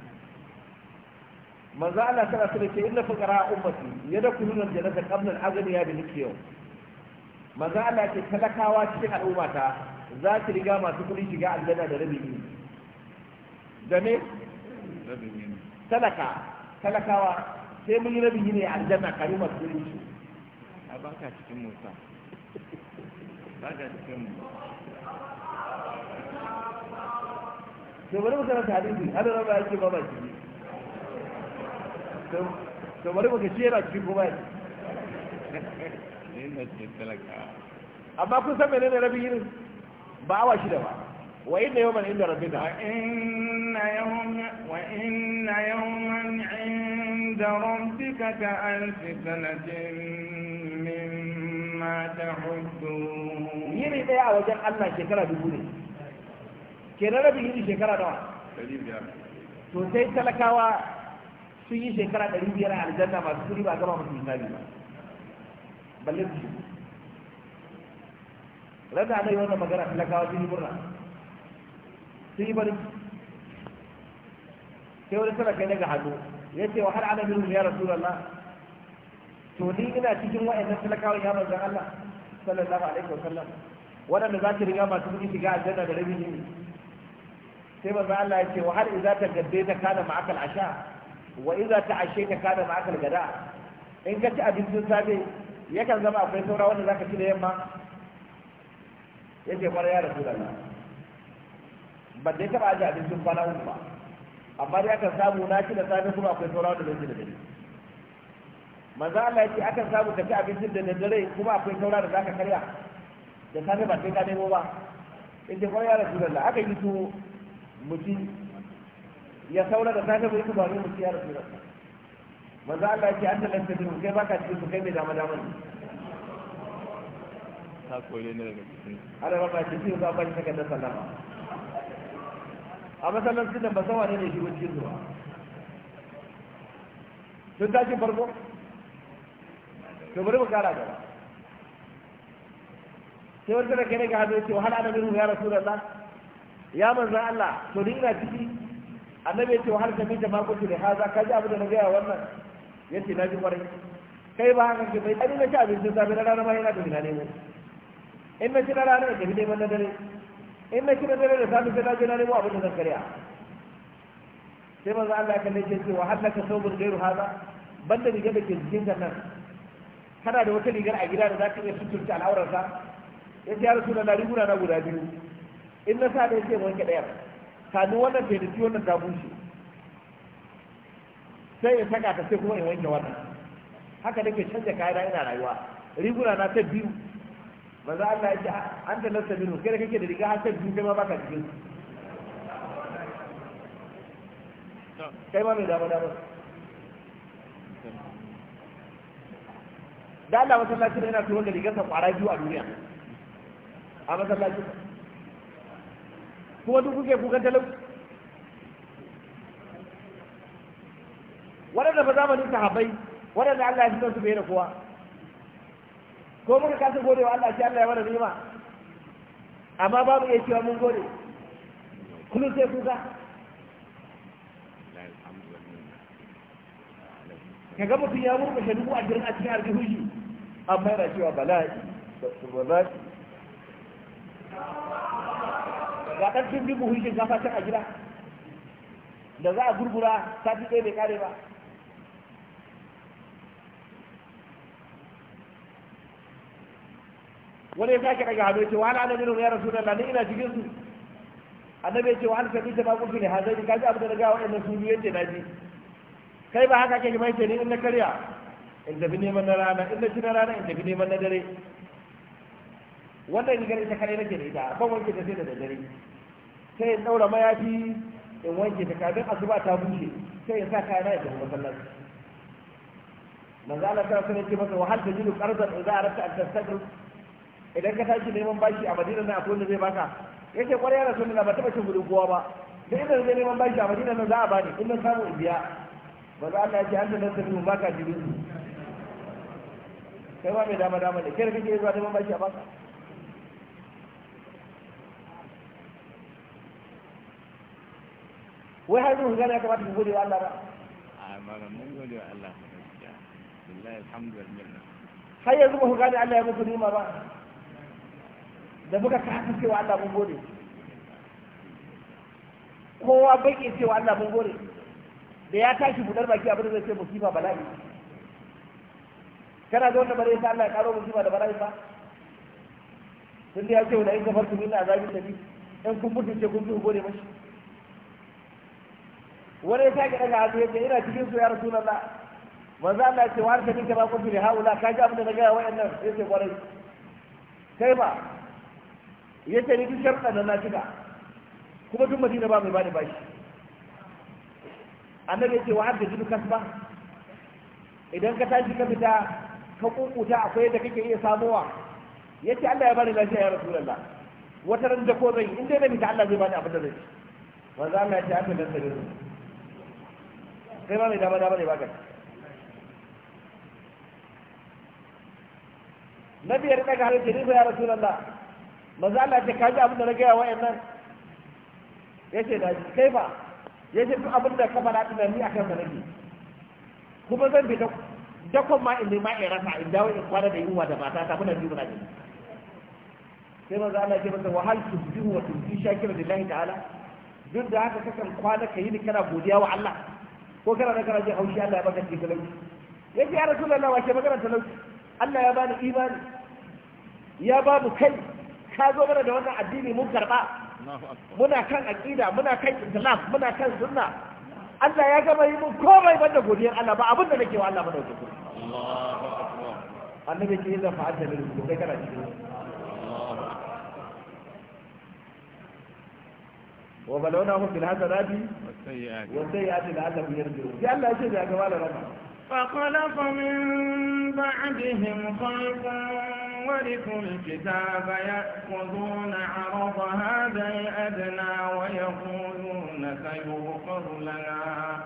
manzo Allah tana so ce inna fuqara ummati yadkhulun al-jannata qabla al ya bi yawm manzo Allah ce talakawa cikin al'ummata za su riga masu kuɗi shiga aljanna da rabi da talaka talakawa sai mun yi rabin yini aljanna kari masu gurin shi a baka cikin musa, ba ka cikin musa. to bari mu karanta hadisi har da ba yake ba ba shi to bari mu ga shi yana cikin kuma ne amma kun san menene rabin yini ba awa da ba وإن يوما عند ربك وإن يوم وإن يوما عند ربك كألف سنة مما تعدون يني ده يا وجه الله شكرا دبوني كنا نبي يجي شكرا نوع to sai talakawa sun yi shekara ɗari biyar a aljanna masu kuri ba gaba musu hisabi ba balle su rada ana yi wannan magana talakawa sun yi murna sun yi sai wani talaka daga hannu ya ce wa har ana minhum ya rasulullah to ni ina cikin wa'annan talakawa ya manzon Allah sallallahu alaihi wa sallam. waɗanda za ki riga masu kuɗi shiga aljanna da rabin yini sai manzon Allah ya ce wa har idza gadde ta kana ma'akal asha wa idza ashe ta kana ma'akal gada in ka ci abincin safe yakan zama akwai saura wanda zaka ci da yamma yace kwarai ya rasulullah ba dai taba aje abincin kwana uku ba amma dai akan samu na ci da safe kuma akwai saurawa da zai da dare manzo Allah yake akan samu ka ci abincin da dare kuma akwai saura da zaka karya da safe ba sai ka nemo ba in dai kwana da sunan aka yi su mutum ya saura da safe bai kuma mutum ya rasu manzo Allah yake an da lafiya da kai baka cikin su kai mai dama dama ta koyi ne daga cikin ana ba ba cikin ba ba ta da sallama a matsalar nan ba sawa ne ne shi cikin zuwa sun tashi farko to bari mu kara gaba sai wata da ne ga hannu ya ce wahala na minhu ya rasu da ya manza Allah to ni ina ciki annabi ya ce wahala ta mita makoci da haza ka ji abu da na gaya wannan ya ce na ji kwarai kai ba haka ke bai tsari na ci abincin safe na rana ma yana da ne nemo in na ci na rana ya tafi neman na dare in na kira dare da sami sai na je na nemo abin da zan karya sai manzo Allah ya kalle shi ce wa sabu saubun gairu haza? banda riga da ke jikin nan kana da wata rigar a gida da za ka iya suturta al'aurarsa ya ce ya rasu da riguna na guda biyu in na sa da ya ce wanke ɗayar kanu wannan bai da wannan ta bushe sai ya saka ta sai kuma in wanke wannan haka nake canja kayan ina rayuwa riguna na ta biyu za Allah ya ah, an da lasta minu kai kake da riga hasar biyu kai ma baka cikin kai ma mai dama dama da Allah masallaci da yana tuwon da sa kwara biyu a duniya a masallaci kuma duk kuke kukan talau waɗanda ba zamanin sahabbai waɗanda Allah ya fi su bai da kowa ko muka kasa gode wa Allah shi Allah ya mana ni'ima amma babu iya cewa mun gode kullum sai kuka ka ga mutum ya murkushe dubu ashirin a cikin aljihun shi amma yana cewa bala'i da tsurbala'i ga ɗan cin dubu hujjin a gida da za a gurgura sati ɗaya mai kare ba wani ya sake daga hannu ce wa ana nabi ya rasu da ni ina cikin su annabi ya ce wa an sami ta ba kufi ne hazari kaji abin da na gawa waɗannan su biyu yace daji kai ba haka kake mai ce ne, in na karya in tafi neman na rana in na ci na rana in tafi neman na dare wannan rigar ta kare nake da ita ban wanke ta sai da dare sai in daura mayafi in wanke ta kafin asuba ta bushe sai in sa kayana ya tafi masallaci manzo Allah ta sanar ce masa wa hal tajidu qardan idza aradta an tastaqbil idan ka tashi neman bashi a madina na akwai wanda zai baka ce kwarai son na ba taɓa cin gudun kowa ba da inda zai neman bashi a madina na za a bani in na samu in biya ba za Allah ya ce an da nan tafi baka jirin su kai ba mai dama dama ne kai da kake zuwa neman bashi a baka wai har zuwa gane ya kamata ku gode wa Allah ba mun gode wa Allah har yanzu ba ku gane Allah ya muku nima ba da muka kasa cewa Allah mun gode kowa bai cewa Allah mun gode da ya tashi budar baki abin da zai ce musiba bala'i kana da wanda bare ya Allah ya karo musiba da bala'i fa tun da ya ce wala in na min azabin bi in kun mutu ce kun gode mashi wani ya sake daga hannu ce ina cikin su ya rasulullah manzo Allah ya ce wa harka ninka ba kuntu li haula ka ji abin da na ga wa'annan yace kwarai kai ba ya ce ni duk sharɗa nan na cika kuma duk madina ba mai bani bashi annabi ya ce wa hadda jidu kasba idan ka tashi ka fita ka kukuta akwai da kake iya samowa ya ce Allah ya bani lafiya ya lalla wata ran da ko zai in dai na fita Allah zai bani abin da zai manzo Allah ya ce an da sanin kai ba mai dama dama ne bakar na biyar daga halittar ya lalla manzo Allah ya ce ka ji abin da na gaya wa'annan ya ce da ji kai ba ya ce duk abin da ka faɗa ɗin ni akan sa nake kuma zan bi dakon ma in nema in rasa in dawo in kwana da yunwa da mata ta muna biyu muna gani sai manzo Allah ya ce masa wa hal tusbihu wa tumsi shakira lillahi ta'ala duk da haka kakan kwana ka yi ni kana godiya wa Allah ko kana da kana jin haushi Allah ya baka cikin talauci ya ce ya rasulullah wa ke magana talauci Allah ya bani imani ya bani kai ka zo mana da wannan addini mun karba muna kan aqida muna kan islam muna kan sunna Allah ya gama yi mun komai banda godiyar Allah ba abin da nake wa Allah madauki ku annabi ke yin fa'ata da rubutu kai kana cikin wa balawnahum bil hasanati was sayyiati la'allahum yarji'un sai Allah ya ce da gaba da rama فخلف من بعدهم خلق ورثوا الكتاب يأخذون عرض هذا الأدنى ويقولون سيغفر لنا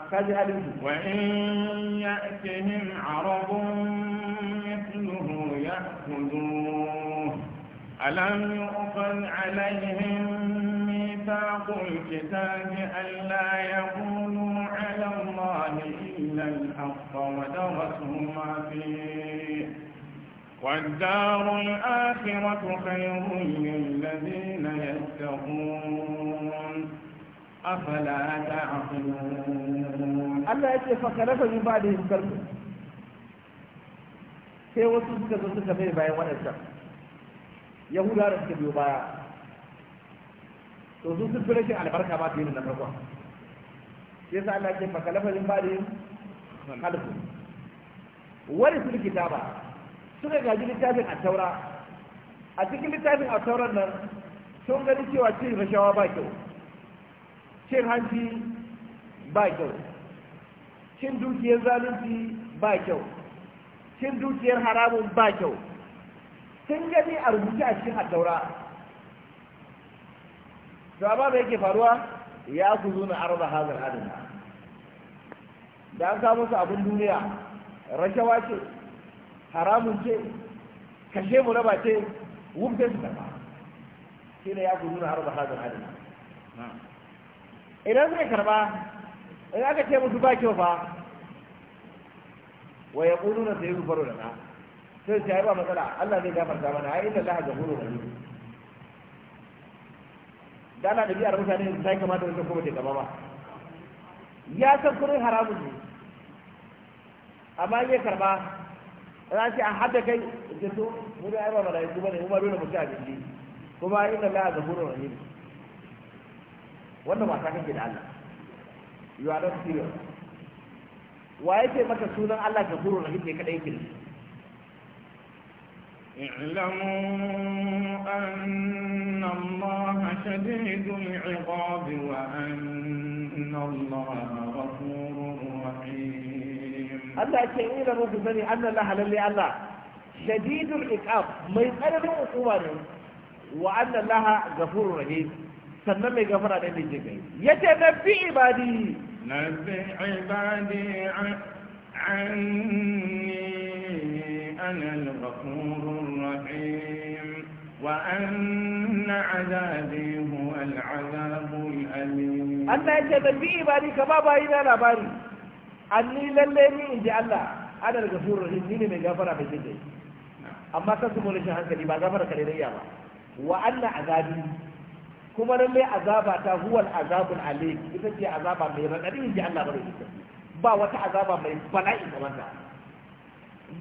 وإن يأتهم عرض مثله يأخذوه ألم يؤخذ عليهم ميثاق الكتاب ألا يقولوا على الله إلا الحق ودرسوا ما فيه والدار الآخرة خير للذين يتقون أفلا تعقلون الله يتي فخلف من بعدهم خلف sai wasu suka zo bai bayan waɗancan yahuda da suka biyo baya to su sun fi albarka ba su yi na farkon sai sa Allah ke fakalafa min ba da yin wani sulki ta ba suka gaji littafin a taura a cikin littafin a tauran nan sun gani cewa cin rashawa ba kyau cin hanci ba kyau cin dukiyar zalunci ba kyau cin dukiyar haramun ba kyau sun gani a rubuce a cikin taura. da ba da yake faruwa ya ku zo na arba hazar adana da an samu su abin duniya rashawa ce haramun ce kashe mu raba ce wuf su karba shi ne ya gudu na harba hazin adana idan suka karba in aka ce musu ba kyau fa wa ya ƙunu na sai rufaro da na sai sai ba matsala Allah zai gafarta mana ai inna Allah ghafurur rahim da da biyar mutane sai kamata wanda kuma ta gaba ba ya san kurin haramun ne amma ya karba ina ce an hada kai da to mu da ba malaiku bane mu ma dole mu ci abinci kuma inna la ghafurur rahim wannan wasa kake da Allah you are not serious wa yake maka sunan Allah ghafurur rahim ne kadai yake اعلموا أن الله شديد العقاب وأن الله غفور رحيم Allah ya ce ina muku sani annan la halalle Allah shadidul iqab mai tsananin hukuma ne wa annan laha ghafurur rahim sannan mai gafara da mai jigai yace nabbi ibadi nabbi ibadi anni ana al-ghafurur rahim وأن عذابي هو العذاب الأليم أما يتنبئي بارك بابا إلى بارك anni lalle ni in ji Allah ana daga furar rahim ni ne mai gafara mai jin dai amma kan su mulashin hankali ba gafara kare rayya ba wa anna azabi kuma lalle azaba ta huwal azabul alim ita ce azaba mai radadi in ji Allah bare ba wata azaba mai bala'i kamar ta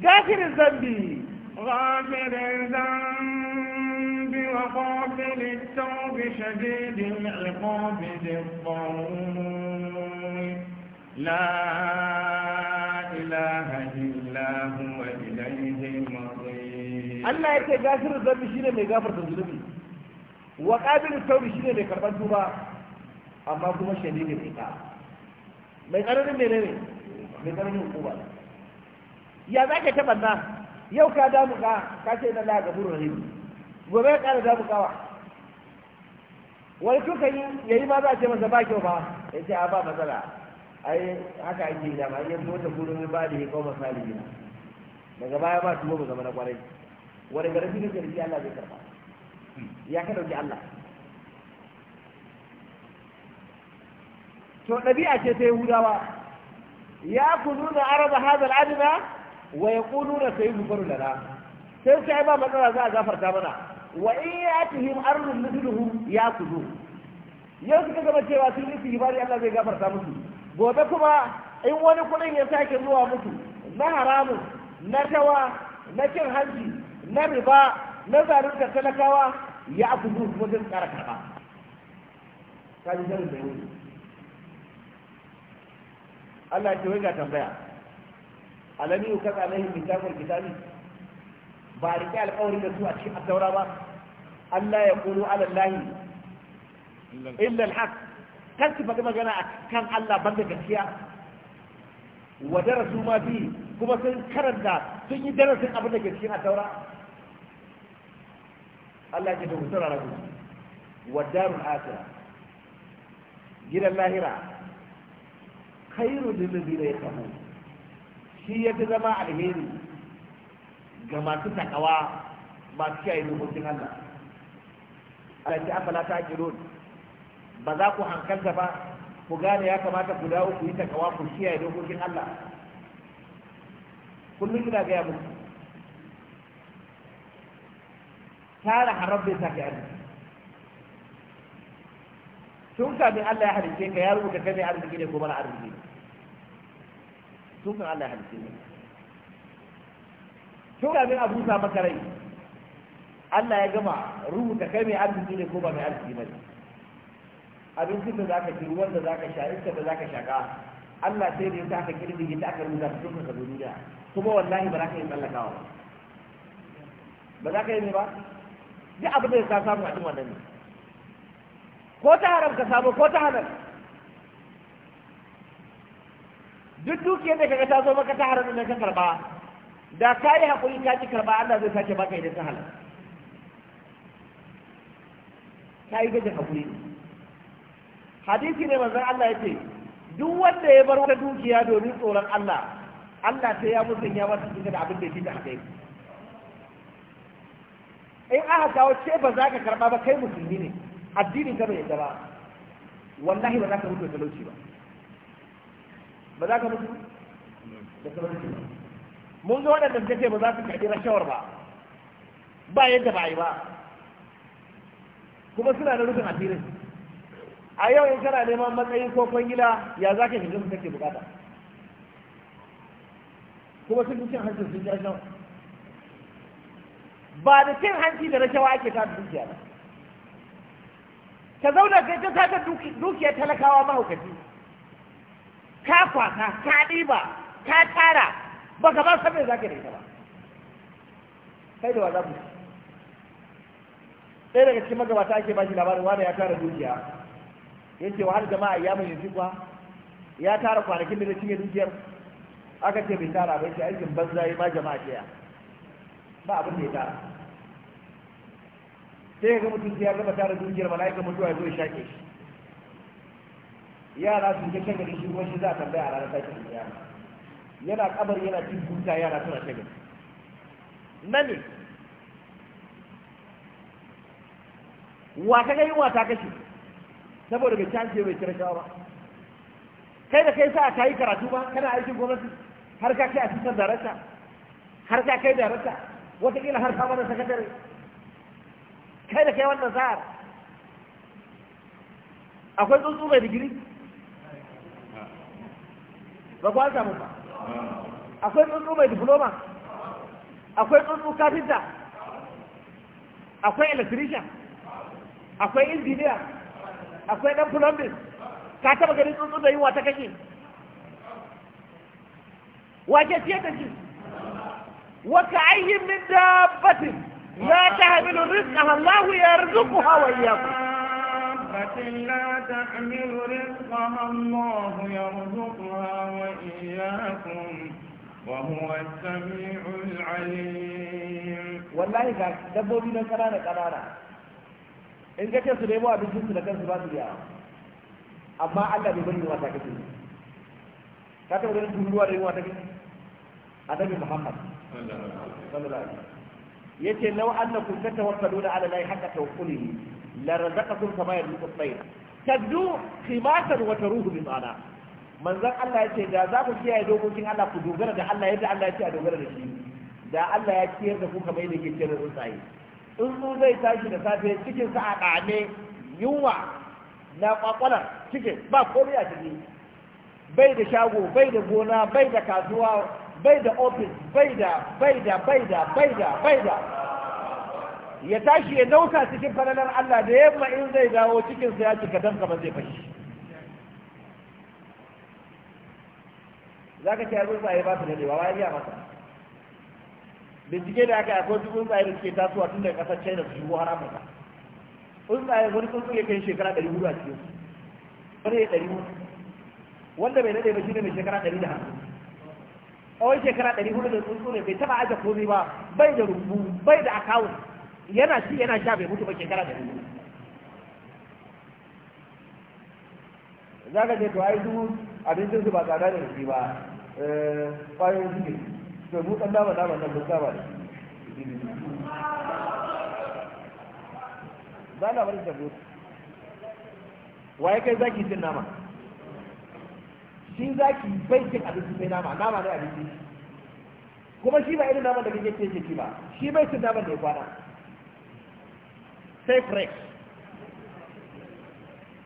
gafirin zambi غافر الذنب وقابل التوب شديد العقاب ذي الطول لا إله إلا هو إليه المصير الله يكي غافر الذنب شيني مي غافر الذنب وقابل التوب شيني مي karɓar توبا أما كما شديد ne mai tsananin mene ne mai tsananin hukuma ya za ka taɓa na yau ka damuka ka ce na la gaburu rahim gobe ka ƙara wani kuka yi ya yi ma za a ce masa ba kyau ba ya ce a ba matsala ai haka ake yi dama yanzu wata gurin ba da ya kawo misali daga baya ba su ba zama na kwarai wani garafi da karfi Allah zai karba ya ka dauki Allah to ɗabi'a ce ta Yahudawa ya kununa araba hadal adina, wa yaquluna sayughfaru lana sai sai ba matsala za a gafarta mana wa in yatihim ardun ya kuzo? yau suka gama cewa sun yi istighfari Allah zai gafarta musu gobe kuma in wani kuɗin ya sake zuwa muku na haramun na tawa na cin hanci na riba na zalunta talakawa ya aku zuwa kuma zai tsara karɓa ta ji sanin da yau Allah ya ce ga tambaya alami yau kasa yin kitabul kitabi ba a riƙe alƙawarin da su a cikin addaura ba Allah ya kulu ala Allah illa al kar ki faɗi magana a kan Allah banda gaskiya wa darasu ma bi kuma sun karanta sun yi darasin abin da ke cikin a taura Allah ya ce ku rabu wa darul akhirah gidan lahira khairu lillazina yattaqun shi ya ta zama alheri ga masu takawa masu kiyaye dokokin Allah Allah ya ta afala ta ajirun ba za ku hankalta ba ku gane ya kamata ku dawo ku yi takawa ku kiyaye dokokin Allah kullum ina gaya muku tara haram bai sake arziki tun kafin Allah ya halice ka ya rubuta kai mai arziki ne ko mara arziki ne tun kafin Allah ya halice ne tun kafin abu sa maka rai Allah ya gama rubuta kai mai arziki ne ko ba mai arziki ne abincin da za ka ci ruwan da za ka sha iska da za ka shaƙa Allah sai da ya sa ka ya ta aka rubuta ta cikin ka duniya kuma wallahi ba za ka yi tsallakawa ba ba za ka yi ne ba duk abin da ya sa samu a cikin wannan ne ko ta haram ka samu ko ta halal duk dukiyar da kaga ta zo maka ta haram da ka karba da ka yi hakuri ka ci karba Allah zai sake baka idan ta halal ka yi gajin hakuri ne hadisi ne manzon Allah ya ce duk wanda ya bar wata dukiya domin tsoron Allah Allah sai ya musu ya wata cikin da abin da yake da hakai in aka kawo ce ba za ka karɓa ba kai musulmi ne addinin ka bai yadda ba wallahi ba za ka mutu da talauci ba ba za ka mutu da talauci ba mun ga waɗanda suka ce ba za su karɓi rashawar ba ba yadda ba yi ba kuma suna da rufin asirin a yau in kana neman matsayi ko kwangila ya za ka shiga kake bukata kuma sun cin hanci sun kira rashawa ba da cin hanci da rashawa ake ta dukiya ba ka zauna kai ta sata dukiyar talakawa mahaukaci ka kwaka ka ɗiba ka tara ba ka ba sabbai za ka da ita ba kai da wa za ku ɗaya daga cikin magabata ake ba shi labarin wanda ya tara dukiya yace wa har jama'a ya mun yanzu ba ya tara kwanakin da cinye dukiyar aka ce bai tara bai ce aikin banza yi ma jama'a ce ba abin da ya tara sai ga mutum ya gama tara dukiyar mala'ika mutuwa ya zo ya shake shi yara sun ga shagali shi ruwan shi za a tambaya a ranar da yara, yana kabar yana cin buta yara suna shagali na ne wa ka ga wa wata kashe saboda bai canje bai kira ba kai da kai sa ka yi karatu ba kana aikin gwamnati har ka kai asistan darasa har ka kai darasa wataƙila har kama da sakatare kai da kai wannan zahar? akwai tsuntsu mai digiri ba ku samu ba akwai tsuntsu mai diploma akwai tsuntsu kafinta akwai electrician akwai injiniya akwai dan plumbing ka taba ganin tsuntsu da yunwa ta kake wake ce ta shi waka ayyin min dabbatin la tahmilu rizqaha Allahu yarzuquha wa iyyakum لا تحمل رزقها الله يرزقها وإياكم وهو samiul 'alim wallahi ga dabbobi بنا كرانا كرانا in ka ce su nemo abincin su da kansu ba su biya amma Allah bai bari yunwa ta kace ka taɓa ganin turuwa da yunwa ta kace annabi Muhammad sallallahu alaihi yace law annakum tatawakkaluna ala Allah haqqa tawakkulihi la razaqakum kama yarzuqu at-tayr taddu khimatan wa taruhu bi ma'ana manzon Allah yace da za ku kiyaye dokokin Allah ku dogara da Allah yadda Allah ya ce a dogara da shi da Allah ya ciyar da ku kamar yadda yake ciyar da tsuntsaye In su zai tashi da safe cikin sa a ɗame yunwa na kwakwalar cikin ba komai a jini bai da shago bai da gona bai da kasuwa bai da ofis bai da bai da bai da bai da bai da ya tashi ya nauka cikin fananar Allah da yamma in zai dawo cikin sa ya cika dan ba zai fashi zaka ce ya zo sai ba su da ba ya masa bincike da aka akwai duk tsuntsaye da suke tasowa tun daga kasar china su shigo har afirka tsuntsaye wani tsuntsu ya kai shekara ɗari hudu a cikin wani ya ɗari hudu wanda bai daɗe ba shi ne mai shekara ɗari da hamsin tsawon shekara ɗari hudu da tsuntsu ne bai taɓa aje komai ba bai da rubu bai da akawun yana ci yana sha bai mutu ba shekara ɗari hudu za ka je to ai dubu abincin ba tsada da shi ba eh, ƙwayoyin su to mu dan dama dama nan mun saba da za na barin dabbobi waye kai zaki cin nama shi zaki bai cin abinci sai nama nama ne abinci kuma shi ba irin nama da kake cin jiki ba shi bai cin nama da ya kwana sai fresh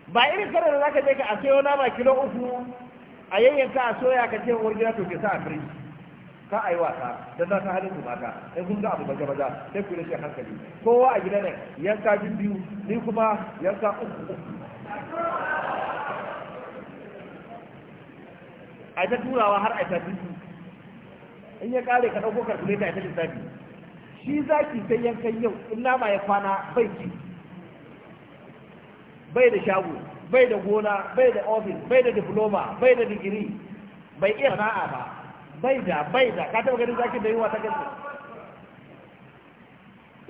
ba irin kada da zaka je ka a sayo nama kilo uku a yayyanka a soya ka ce wa gida to ke sa a firiji ka a yi wasa dan na ta halin mata sai kun ga abu baje baza sai ku rashin hankali kowa a gidan nan yanka biyu ni kuma yanka uku a ta turawa har a ta biyu in ya kare ka ɗauko calculator a ta lissafi shi zaki sai yankan yau in nama ya kwana bai ci bai da shago bai da gona bai da ofis bai da diploma bai da digiri bai iya sana'a ba bai da bai da ka taba ganin zakin da yiwa ta gaske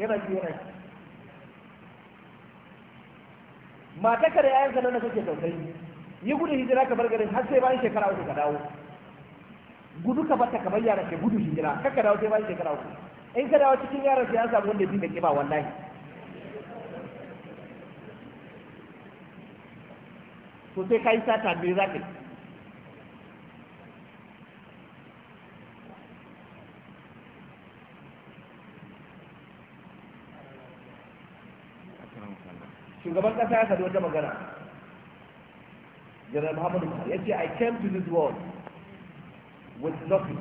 yana ji yana mata ka da yayanka da kake tausayi yi gudu hijira ka bar garin har sai bayan shekara uku ka dawo gudu ka bata kamar yara ke gudu hijira kar ka dawo sai bayan shekara uku in ka dawo cikin yaran sai an samu wanda bi da kiba wallahi to sai ka yi sata me za ka yi shugaban kasa ya sadu wata magana general muhammadu buhari ya ce i came to this world with nothing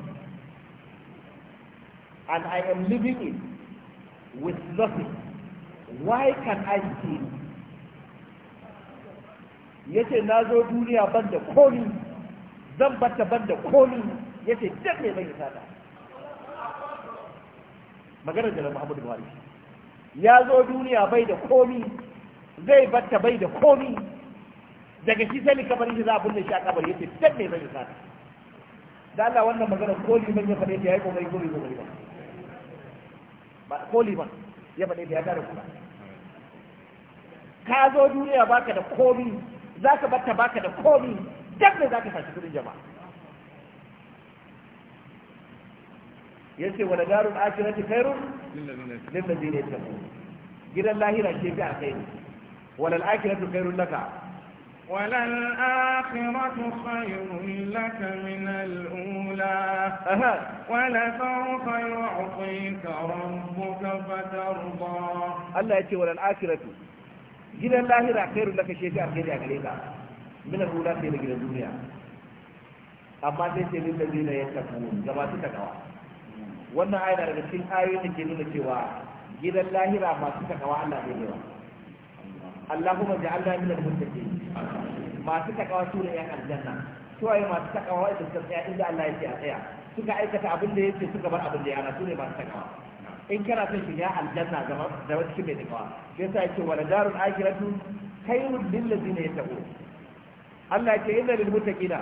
and i am living it with nothing why can i steal ya ce na zo duniya ban da koli zan bata ban da koli ya ce duk mai mai sata maganar general muhammadu buhari ya zo duniya bai da komi zai bata bai da komi daga shi sai kamar shi za a binne shi a kabari yace dan ne zai sa da Allah wannan magana koli ban ya faɗe ta yayi kokari ko liman ba koli liman ya faɗe ta ya gare kuma ka zo duniya baka da komi zaka bata baka da komi dan za zaka saci kudin jama'a yace wala darul akhirati khairun lil ladina yattaqun gidan lahira ce a kai walal akhiratu khairul laka walal akhiratu khairul laka min al ula wala sawfa yu'tika rabbuka fatarda Allah yace walal akhiratu gidan lahira khairul laka shi ta alheri a gare ka min al ula sai da gidan duniya amma sai wannan ayar daga cikin ayoyin da ke nuna cewa gidan lahira masu takawa Allah zai yi Allahumma ja'alna min al-muttaqin masu takawa su ne yan aljanna suwaye masu takawa wanda suka tsaya inda Allah yake a tsaya suka aikata abin da yake suka bar abin da yana su ne masu takawa in kana son shiga aljanna zama zama cikin mai takawa shi yasa yake wala darul akhiratu khairun lil ladina yattaqun Allah ya ce inna lil muttaqina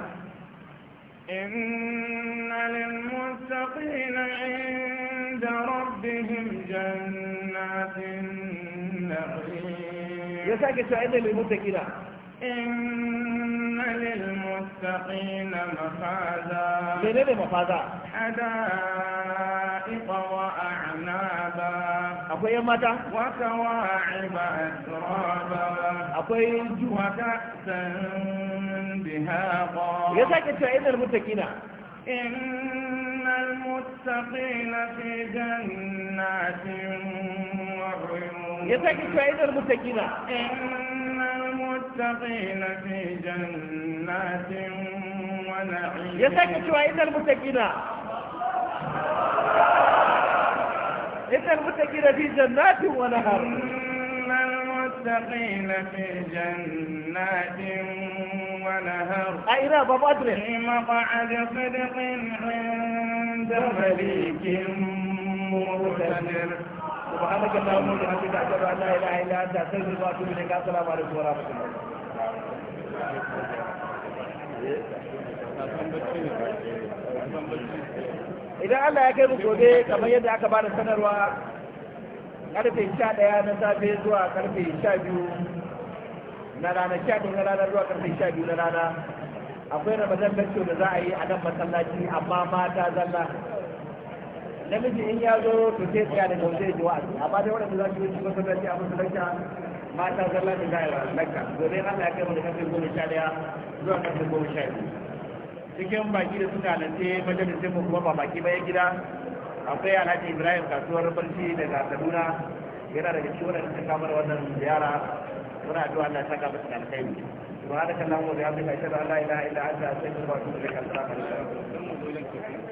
إن للمتقين عند ربهم جنات يا يساك شاهد للمتكين إن للمتقين مفازا من الذي مفازا حدائق وأعنابا أقول يا ماتا وكواعب أسرابا أقول وكأسا بهاقا يساك شاهد للمتكين إن المتقين في جنات وعيون يساك فائدة المتقين إن المتقين في جنات ونعيم يساك فائدة المتقين إن المتقين في جنات ونهر إن المتقين في جنات ونهر آه، أين أبو بدر في مقعد صدق عند مليك مرتدر subhanaka allahumma wa idan Allah ya kai mu gobe kamar yadda aka bada sanarwa karfe ɗaya na safe zuwa karfe biyu na rana sha na rana zuwa karfe sha biyu na rana akwai ramadan lecture da za a yi a nan masallaci amma mata zalla namiji in ya zo to sai tsaya da gausai ji jiwa amma dai wanda za su yi masallaci a masallacin mata zalla da za a yi lakka gobe Allah ya kai mu da karfe goma sha daya zuwa karfe goma sha biyu cikin baki da suka halarci majalisin mu kuma ba baki ba ya gida akwai alhaji ibrahim kasuwar barci daga kaduna yana daga cikin wadanda suka kamar wannan ziyara muna addu'a Allah ya saka musu alkhairi subhanaka allahumma wa bihamdika ashhadu an la ilaha illa anta astaghfiruka wa atubu ilaik assalamu alaikum